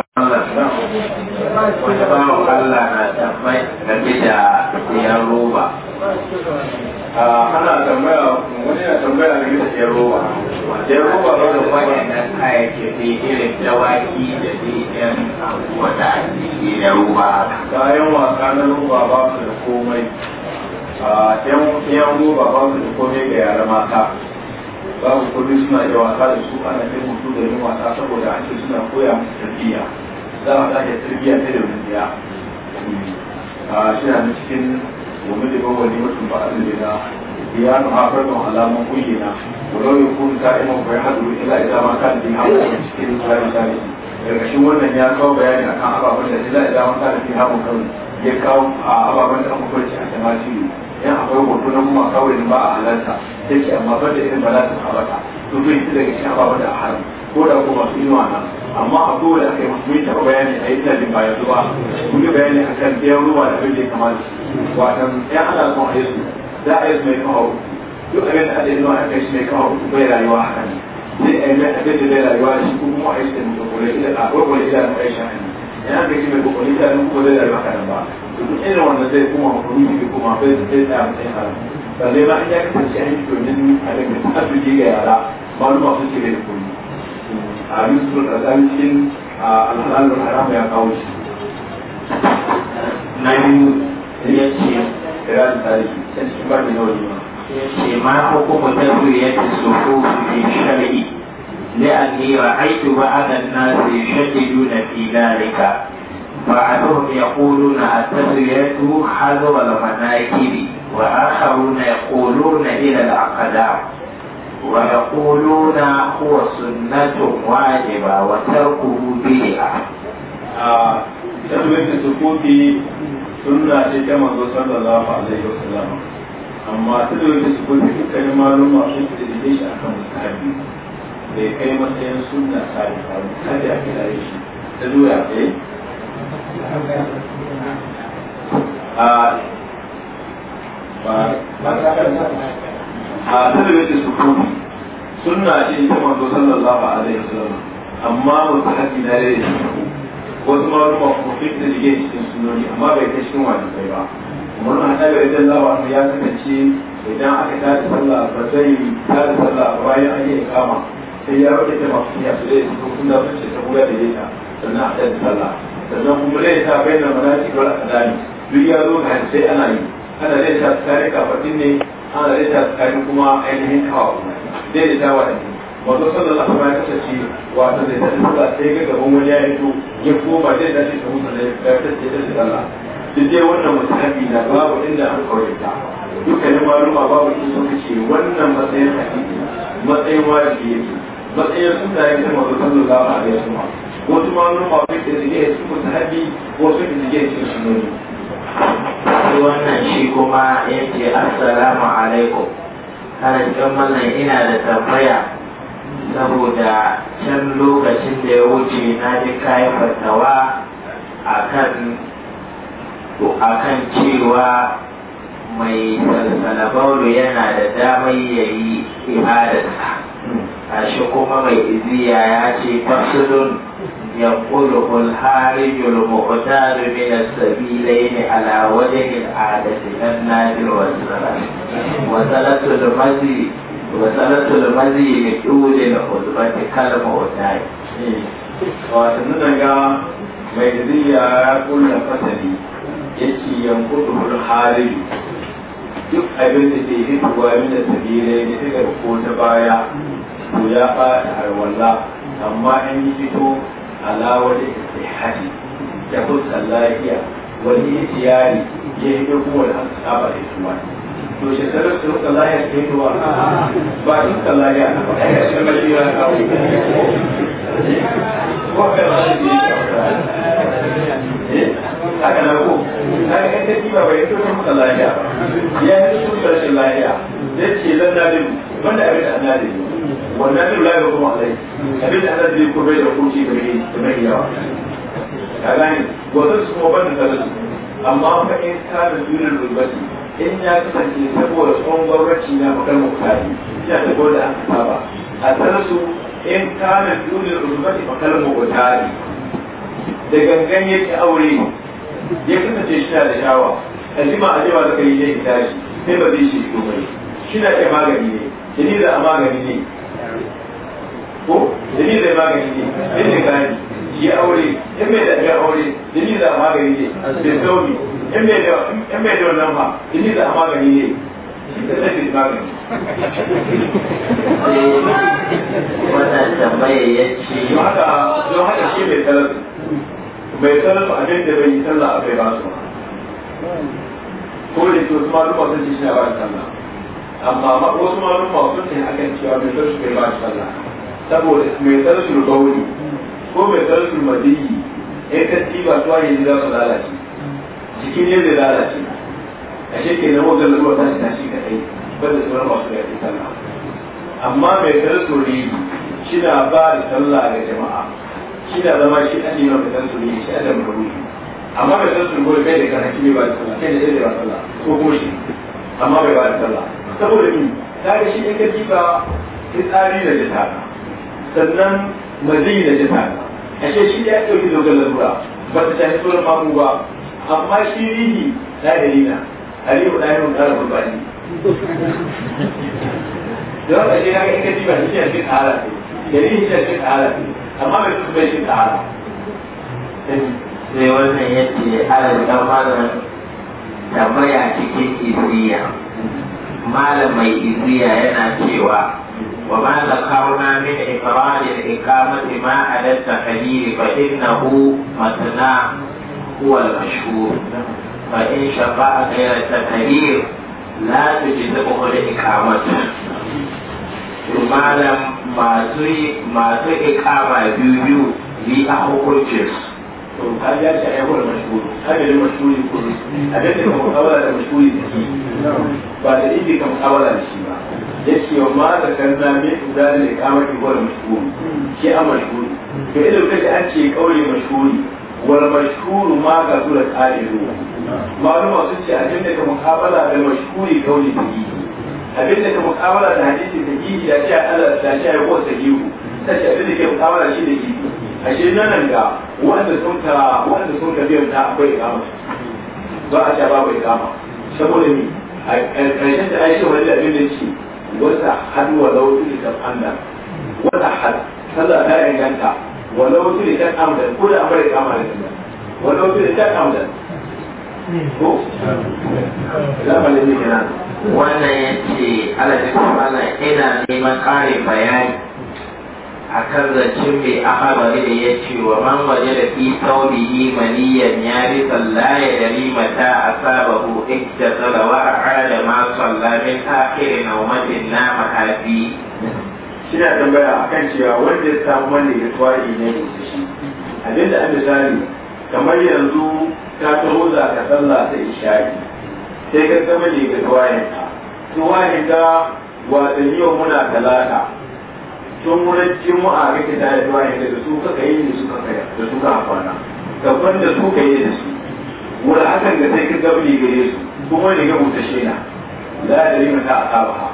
wani bawan Allah na tambayi game da siyan roba ana tambaya wani na tambaya game da siyan roba siyan roba ba da waɗannan kayayyaki irin dawaki da dm abubuwa da ake ya roba kayan wasa na roba ba su da komai yan roba ba su da komai ga yara mata babu kullum suna da wasa da su ana kai mutu da yin wasa saboda ake suna koya musu tafiya za a sake ta da a shi na cikin wani da bawa ne mutum ba a na ya nu alamun ya kun ta ima bai hadu ila ma ta da hawa cikin tsarin wannan ya kawo bayani akan ababen da ila ma ta da hawa kan ya kawo a ababen da a jama'a yan akwai hoto na kuma kawai ba a halarta yake amma ba da irin ba za haɓata to daga cikin ababen da a haramta ko da kuma masu inuwa na amma a kowane aka yi mun taɓa bayani a yi tunanin ba yanzu ba mun yi bayani a kan biyan ruwa da abin da ya kamata watan ya ana son a yi su za a yi su mai kawo duk abin da aka yi inuwa aka yi shi mai kawo bai rayuwa a kan sai a yi mai abin da bai rayuwa da shi ko kuma a yi su da mutum ila a kwakwale ila na kai shahani in aka yi mai kwakwale ila na kuma bai rayuwa a kan ba duk irin wanda zai kuma mutum ne kuma bai zai tsaya mutum haram sannan ma in ya kasance an yi domin a daga tasiri ga yara maluma sun ce bai da kullum a yusuf al-azami cikin al-halal haram ya kawo shi na yi ya ce kira tarihi sai cikin ba da nawa ya ce ma hukumu tafiya ta soko fi shari'i لأني رأيت بعض الناس يشددون في ذلك بعضهم يقولون التسوية حذو المناكب وآخرون يقولون إلى الأقدام ويقولون هو سنة واجبة وتركه بدعة تسوية السكوت سنة كما صلى الله عليه وسلم amma ta da wajen su kuma dukkanin maluma sun da da shi a kan mutabi bai kai matsayin sunna sabi ba a ta a ba ba ta da mace su kuma sunna ce ita manzo sallallahu alaihi wasallam amma wasu haƙi na da shi wasu ma ruwa kuma fit da jige cikin sunoni amma bai kai cikin wani kai ba umar na haɗa bai dan lawa ya kasance idan aka tada sallah ba zai tada sallah ba bayan an yi kama sai ya rage ta mafi ya su zai su kuma sun ce ta kula da ta sannan a tada sallah sannan kuma zai ta bayyana manasi ga al'adani duk ya zo ga sai ana yi ana zai ta kare kafatin ne ana da ta tsakanin kuma ainihin kawo daidaita wa ɗan wato sallallahu alaihi ya kasance wato zai tafi sallah sai ga gaban wani ya fito ya koma zai dace ta musu da ya tace da sallah duk dai wannan na babu inda an kawai ta dukkanin maluma babu shi sun ce wannan matsayin hadisi matsayin wajibi yake matsayin sunna yake za a ga alaihi wasallam wasu maluma ba su da suke su mutabi wasu da suke cikin sunnoni shi wannan shi kuma ya ce assalamu alaikum halittar wannan ina da tambaya saboda can lokacin da ya wuce na ji kayan fatawa a kan cewa mai salsalabaulu yana da damar ya yi ibadarsa a shi kuma mai iziya ya ce tafsirin يقوله الحارج المعتاد من السبيلين على وجه العادة كالنادل والسلام وثلث المزي وثلث المزي لأول الخطبة كالمعتاد وتنزل مجزية يقول الفسدي يشي ينقضه الحارج duk abin da ke hitowa min da sabirai ne daga ko ta baya to ya fara da harwalla amma an yi fito ala wani istihadi da kusan lafiya wani itiyari ya yi dogon wani hasaba da suwa to shi sarar su rukun lafiya su yi ba su eh, rukun lafiya ba ya shi mashi ya kawo ko ka ba su ne haka na ko na ga ta kiba bai to rukun lafiya ya yi su rashin lafiya zai ce lallabin wanda abin da annabin والنبي لا يقوم عليه abin da Allah zai kurbai da hukunci da mai da mai yawa gane wasu su kuma ban da amma fa in ka da dunin in ya kasance saboda tsohon gwamnati na bakar mutane ina da an saba a tarasu in ka da dunin rubati bakar mutane da gangan yake aure ya kasance shi da shawa a jima a ba zai shi na iya ne a magani ne ko dalil zai magani ne bin gani shi aure in mai da ga aure dalil zai magani ne da sauri in mai da in mai da wannan ma dalil zai magani ne shi da zai magani wannan tambaya yace don haka don haka shi mai talaka mai talaka abin da bai sallah abai ba su ko da ke ma maluma sun ce shi na ba sallah amma wasu maluma sun ce akan cewa mai talaka bai ba sallah saboda mai tsarkin bauli ko mai tsarkin madiyi in ka ba tuwa yanzu za su lalace jikin ne zai lalace a shekai na wajen zuwa tashi tashi kaɗai banda sauran masu yaƙi sallah amma mai tsarkin ribi shi na ba da sallah ga jama'a shi na zama shi an yi mai tsarkin ribi shi an da mai amma mai tsarkin bauli bai da karaki ne ba da sallah kai da ɗaya ba sallah ko kuma amma bai ba da sallah saboda ni ta ga shi in ka jiba tsari da jita sannan mazi da jita ashe shi ya ɗauki dogon lalura ba ta shafi tsoron mamu ba amma shi rihi na da rina aliyu na yawon ƙara gurbani don ce ya ga ikati ba shi ya shi ƙara ne da rihi ya shi ƙara ne amma bai su bai shi ƙara sai wannan yake alal da malam tambaya cikin isiya malam mai isiya yana cewa وما ذكرنا من إفراد الإقامة ما على التحرير فإنه مثنى هو المشهور فإن شفاء غير التحرير لا تجزمه الإقامة وما لم ما تري إقامة بيو لي أهو كوتشيس فهذا شيء هو المشهور هذا المشهور يقول هذا المشهور يقول نعم. بعد إذن كم أولا الشيء yake wa ma da kan zame ku da ne kamar ki wal mashhur ki a mashhur to idan kace an ce kauli mashuri. wal mashhur ma ga sura qailu maluma sun ce abin da ka mukabala da mashuri kauli da yi abin da ka mukabala da hadisi da yi ya ce Allah da ya ko sahihu sai abin da ke mukabala shi da yi ashe nan ga wanda sun ka wanda sun ka biyan ta akwai kama ba a ta babu kama saboda ni a ƙarshen da aisha wani da abin da ce wata had lauti da amdan wata had sallah ta inganta walau tulikan amda ko da amare kama da sallah walau tulikan amda ko la malin kana wannan yace Allah ya ce ina neman kare bayani a kan zancen mai ahabari da ya ce wa man waje da fi saurihi maniyan ya yi salla ya dari mata a sababu da salawa a kada ma sallamin ta kere na umarin na shi na tambaya a kan cewa wanda ya samu wanda ya yi ne ya shi. Abinda a misali kamar yanzu ta taho za ka salla ta ishari sai ka gama ne ga tuwarin ta. Tuwarin ta wa muna talata Sun wurin jimu'a kake da addu'a ne da su kaka yi ne su kaka da su ka amfana gaban da su ka yi da su wani hakan da sai ka gabli gare su kuma ne ga shi na la mata a kawo ha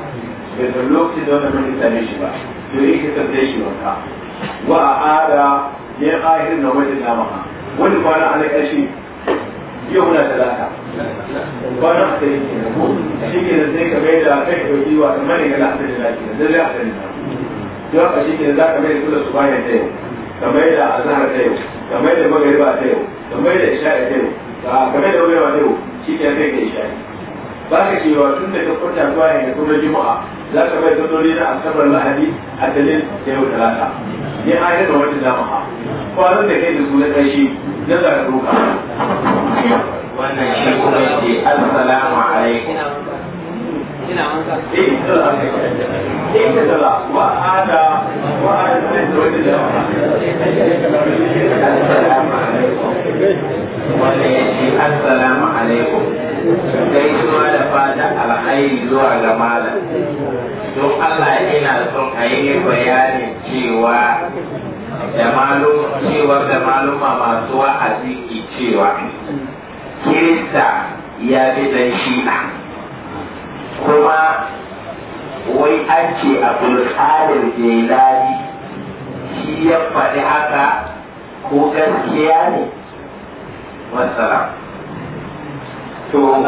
da ta lokacin da wannan mun tare shi ba to yi ka tare shi wanka wa a ara ya ahir na wajen ha wani kwana ala kashi yau na talata kwana a tsaye ke na ko shi ke da sai ka bai da kai ka yi wa kamar ne ga la'asar da lafiya da la'asar da don haka shi ke za ka mai da kula su bayan ta yau ka mai da azahar ta yau ka mai da magariba ta yau ka mai da isha'i ta yau ka mai da magariba ta yau shi ke kai ga isha'i ba ka cewa tun da ka kwanta zuwa yin da kuma juma'a za ka mai tsalloli na asabar lahadi a dalil da yau talata ne a yi da wata dama kwanan da kai da su na ƙarshe na za ka roka wannan shi kuma ce assalamu alaikum ina wanka eh eh da la wa ada wa ada da assalamu alaikum sai kuma da fata alhairi zuwa ga malam don Allah ina son a yi bayanin cewa da malum cewa da maluma masu wa'azi cewa kirista ya bi dan shi'a kuma wai an ce abdulkadir jelani shi ya faɗi haka ko gaskiya ne wasala to assalamu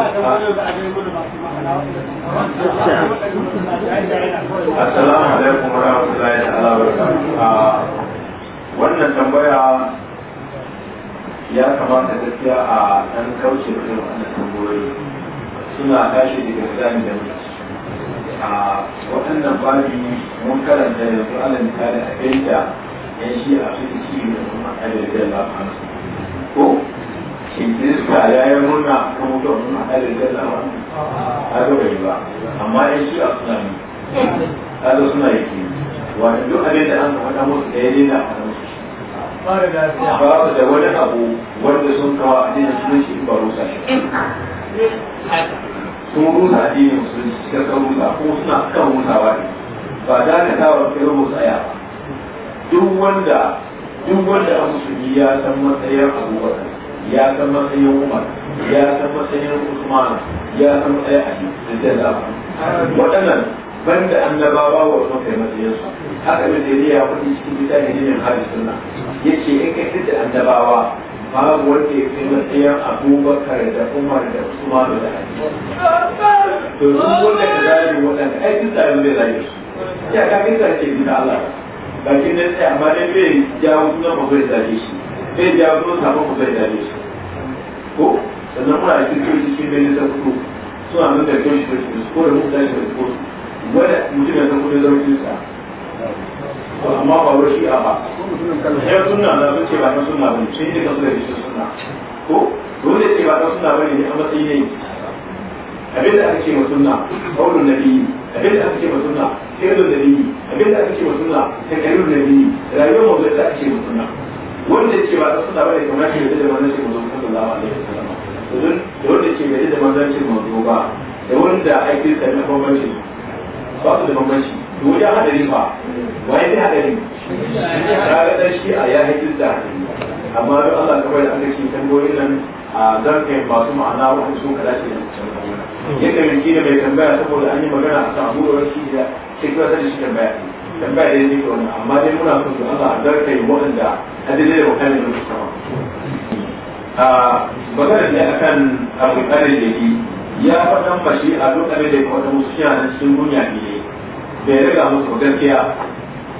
alaikum warahmatullahi ta'ala barakatuh ah, wannan tambaya ya kamata gaskiya a ɗan kauce irin wannan tambayoyi suna tashi daga zami da a waɗannan babi mun karanta da su ala misali a kenta ya shi a su ci da kuma a su ko shi ya yi a kan a mun adadin ba a yi ba amma ya shi a suna ne da suna yake wani duk abin da an kamata musu da ya daina a faɗa musu babu da wani abu wanda sun kawo a daina sunan shi in ba rusa shi kuma musa addinin musulunci cikin kan ko suna kan ba ne ba dakatawa kai rubu tsaya ba duk wanda duk wanda a musulmi ya san matsayin abubuwan ya san matsayin umar ya san matsayin usman ya san matsayin ali da jazabu waɗannan banda annabawa wa sun kai matsayin su haka da ya wani cikin ne ilimin hadis sunna yace in kai da annabawa babu wanda ya kai matsayin abubakar da umar da usmanu da ali to duk wanda ka zaɓi waɗanda ai duk tsarin zai zaɓe su ya ka kai zaɓe bi da Allah bakin da sai amma dai bai jawo sunan mu bai zaɓe shi bai jawo sunan sabon mu bai zaɓe shi ko sannan muna da kirkiyoyi cikin bai nisa kudu suna nuna da kirkiyoyi ko da mutane da kudu wanda mutum ya san kudin zama kirkiyoyi amma ba wai shi'a ba ya sunna da sun ce ba ta sunna bane shi ne kasu da shi sunna ko dole ce ba ta sunna bane ne a matsayi ne abin da aka ma sunna qaulun nabiyyi abin da aka ma sunna fi'lun nabiyyi abin da aka ma sunna takarrun nabiyyi rayuwar mu da aka ma sunna wanda ce ba ta sunna bane kamar shi da wannan ce mu sallallahu alaihi wasallam da wanda ce bai da manzancin manzo ba da wanda ake sanin bambanci ba su da bambanci to wajen hadari ba wai zai hadari ta ga dan shi a ya haƙi da amma don Allah kawai da aka ce tambayoyin nan a zarfe masu ma'ana wani sun kada ce da can yadda mai da mai tambaya saboda an yi magana a samu da wasu da cikin kuma da shi tambaya tambaya da yake wannan amma dai muna son su Allah zarfe waɗanda hadari da mutane da su sama a magana ne akan abu kare da ya faɗan fashi a duk abin da ya faɗa musu shi a cikin duniya ne da ya riga musu gaskiya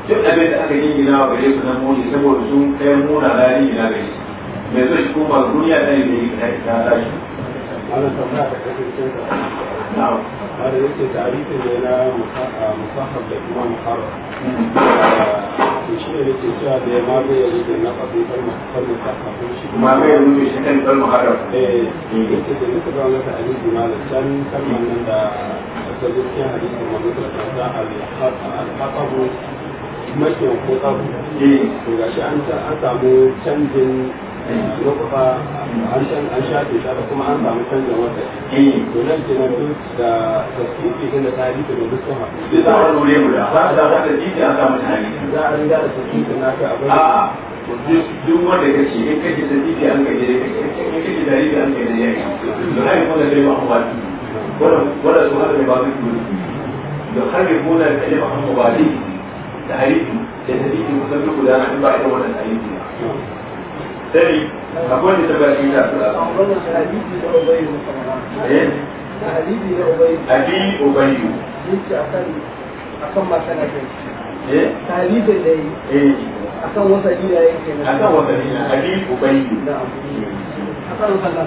duk abin da aka jingina wa gare su nan muni saboda sun kai muna na jingina gare su mai shi kuma duniya ta yi da yi ta ta ta ta na shi ne cewa da ya na kalmar kalmar ta kafin shi mabe ya rike shi kan kalmar eh yake duka ga can kalmar nan da da gaskiya hadisin manzo da ta al-haqab makiyan ko eh. canjin lokuta an shan an shafe ta kuma an samu canjin wata eh to nan kenan duk da tasiri din da tarihi da duk sun haɗu za a rure mu da za a da da jiji an samu tarihi za a rinda da tasiri na ka abin a duk wanda ka ce in kake tasiri an gaje ne da kake tarihi an gaje ne ya yi to ai kuma da dai ba ba ولا سؤال لبابك يخرجون الكلمة عن مبادئه تحريفه يتديك مستملك ده عن بعد ولا الحديث ثاني أقول لي تبعي لا أظن الحديث لأبي إيه؟ الحديث لأبي أبي أبي ليش أكل أكم ما كان إيه؟ تحديث اللي إيه؟ أكم وصل إلى إيه؟ أكم وصل إلى أبي أبي نعم أكم وصل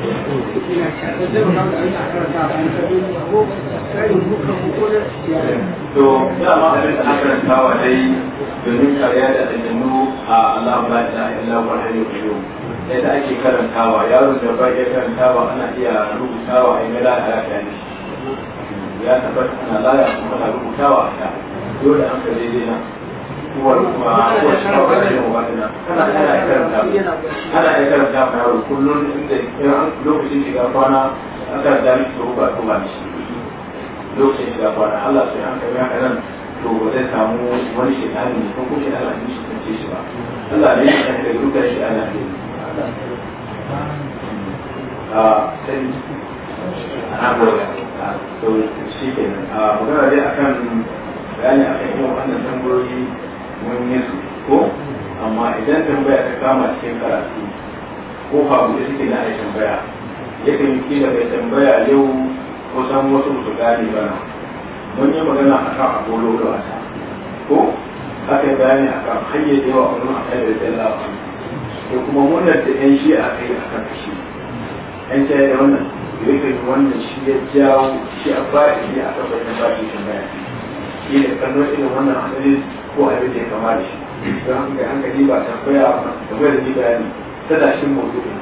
to dama abin da aka rantawa dai domin karya da aljannu a Allah ba ta illa wa hayyu biyu yadda ake karantawa yaron da ba ya karantawa ana iya rubutawa a ingila a rafiya ne ya tabbata ana laya kuma na rubutawa a ta dole an ka daidai nan ana ya karanta ma yaro kullum inda lokacin shiga kwana an to ba ko ba shi lokacin shiga kwana Allah an zai samu wani shekani ne ko kuma shekani ne shi kance shi ba Allah ne ya kan dukkan shi ana ne a sai ana goya to shi a magana dai akan bayani akan yin wannan tambayoyi mun yi su ko amma idan tambaya ta kama cikin karatu ko faru da suke na a tambaya ya kan kila bai tambaya yau ko san wasu su gane na mun yi magana a kan abolo da wata ko aka yi bayani a kan hanyar da yawa wani a kai da tallafa da kuma munar da yan shi a kai a kan shi yan shi da wannan ya kan wannan shi ya jawo shi a ba shi a kan bayan ba'i tambaya shi ne kallon irin wannan hadisi ko a yake kama da shi don haka an hankali ba tambaya tambaya da ni bayani tana cikin mawdu'in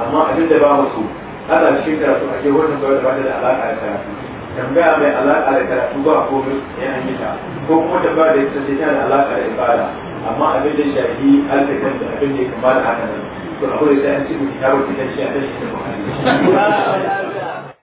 amma abin da ba mu so ana cikin karatu ake wannan bayar da ba da alaka da karatu tambaya mai alaka da karatu ba ko ya an yi ta ko kuma tambaya da ita ce tana da alaka da ibada amma abin da shafi alfikan da abin da ya kama da haka nan to akwai da ta yanci mu kitabu kitan shi a tashi da ba.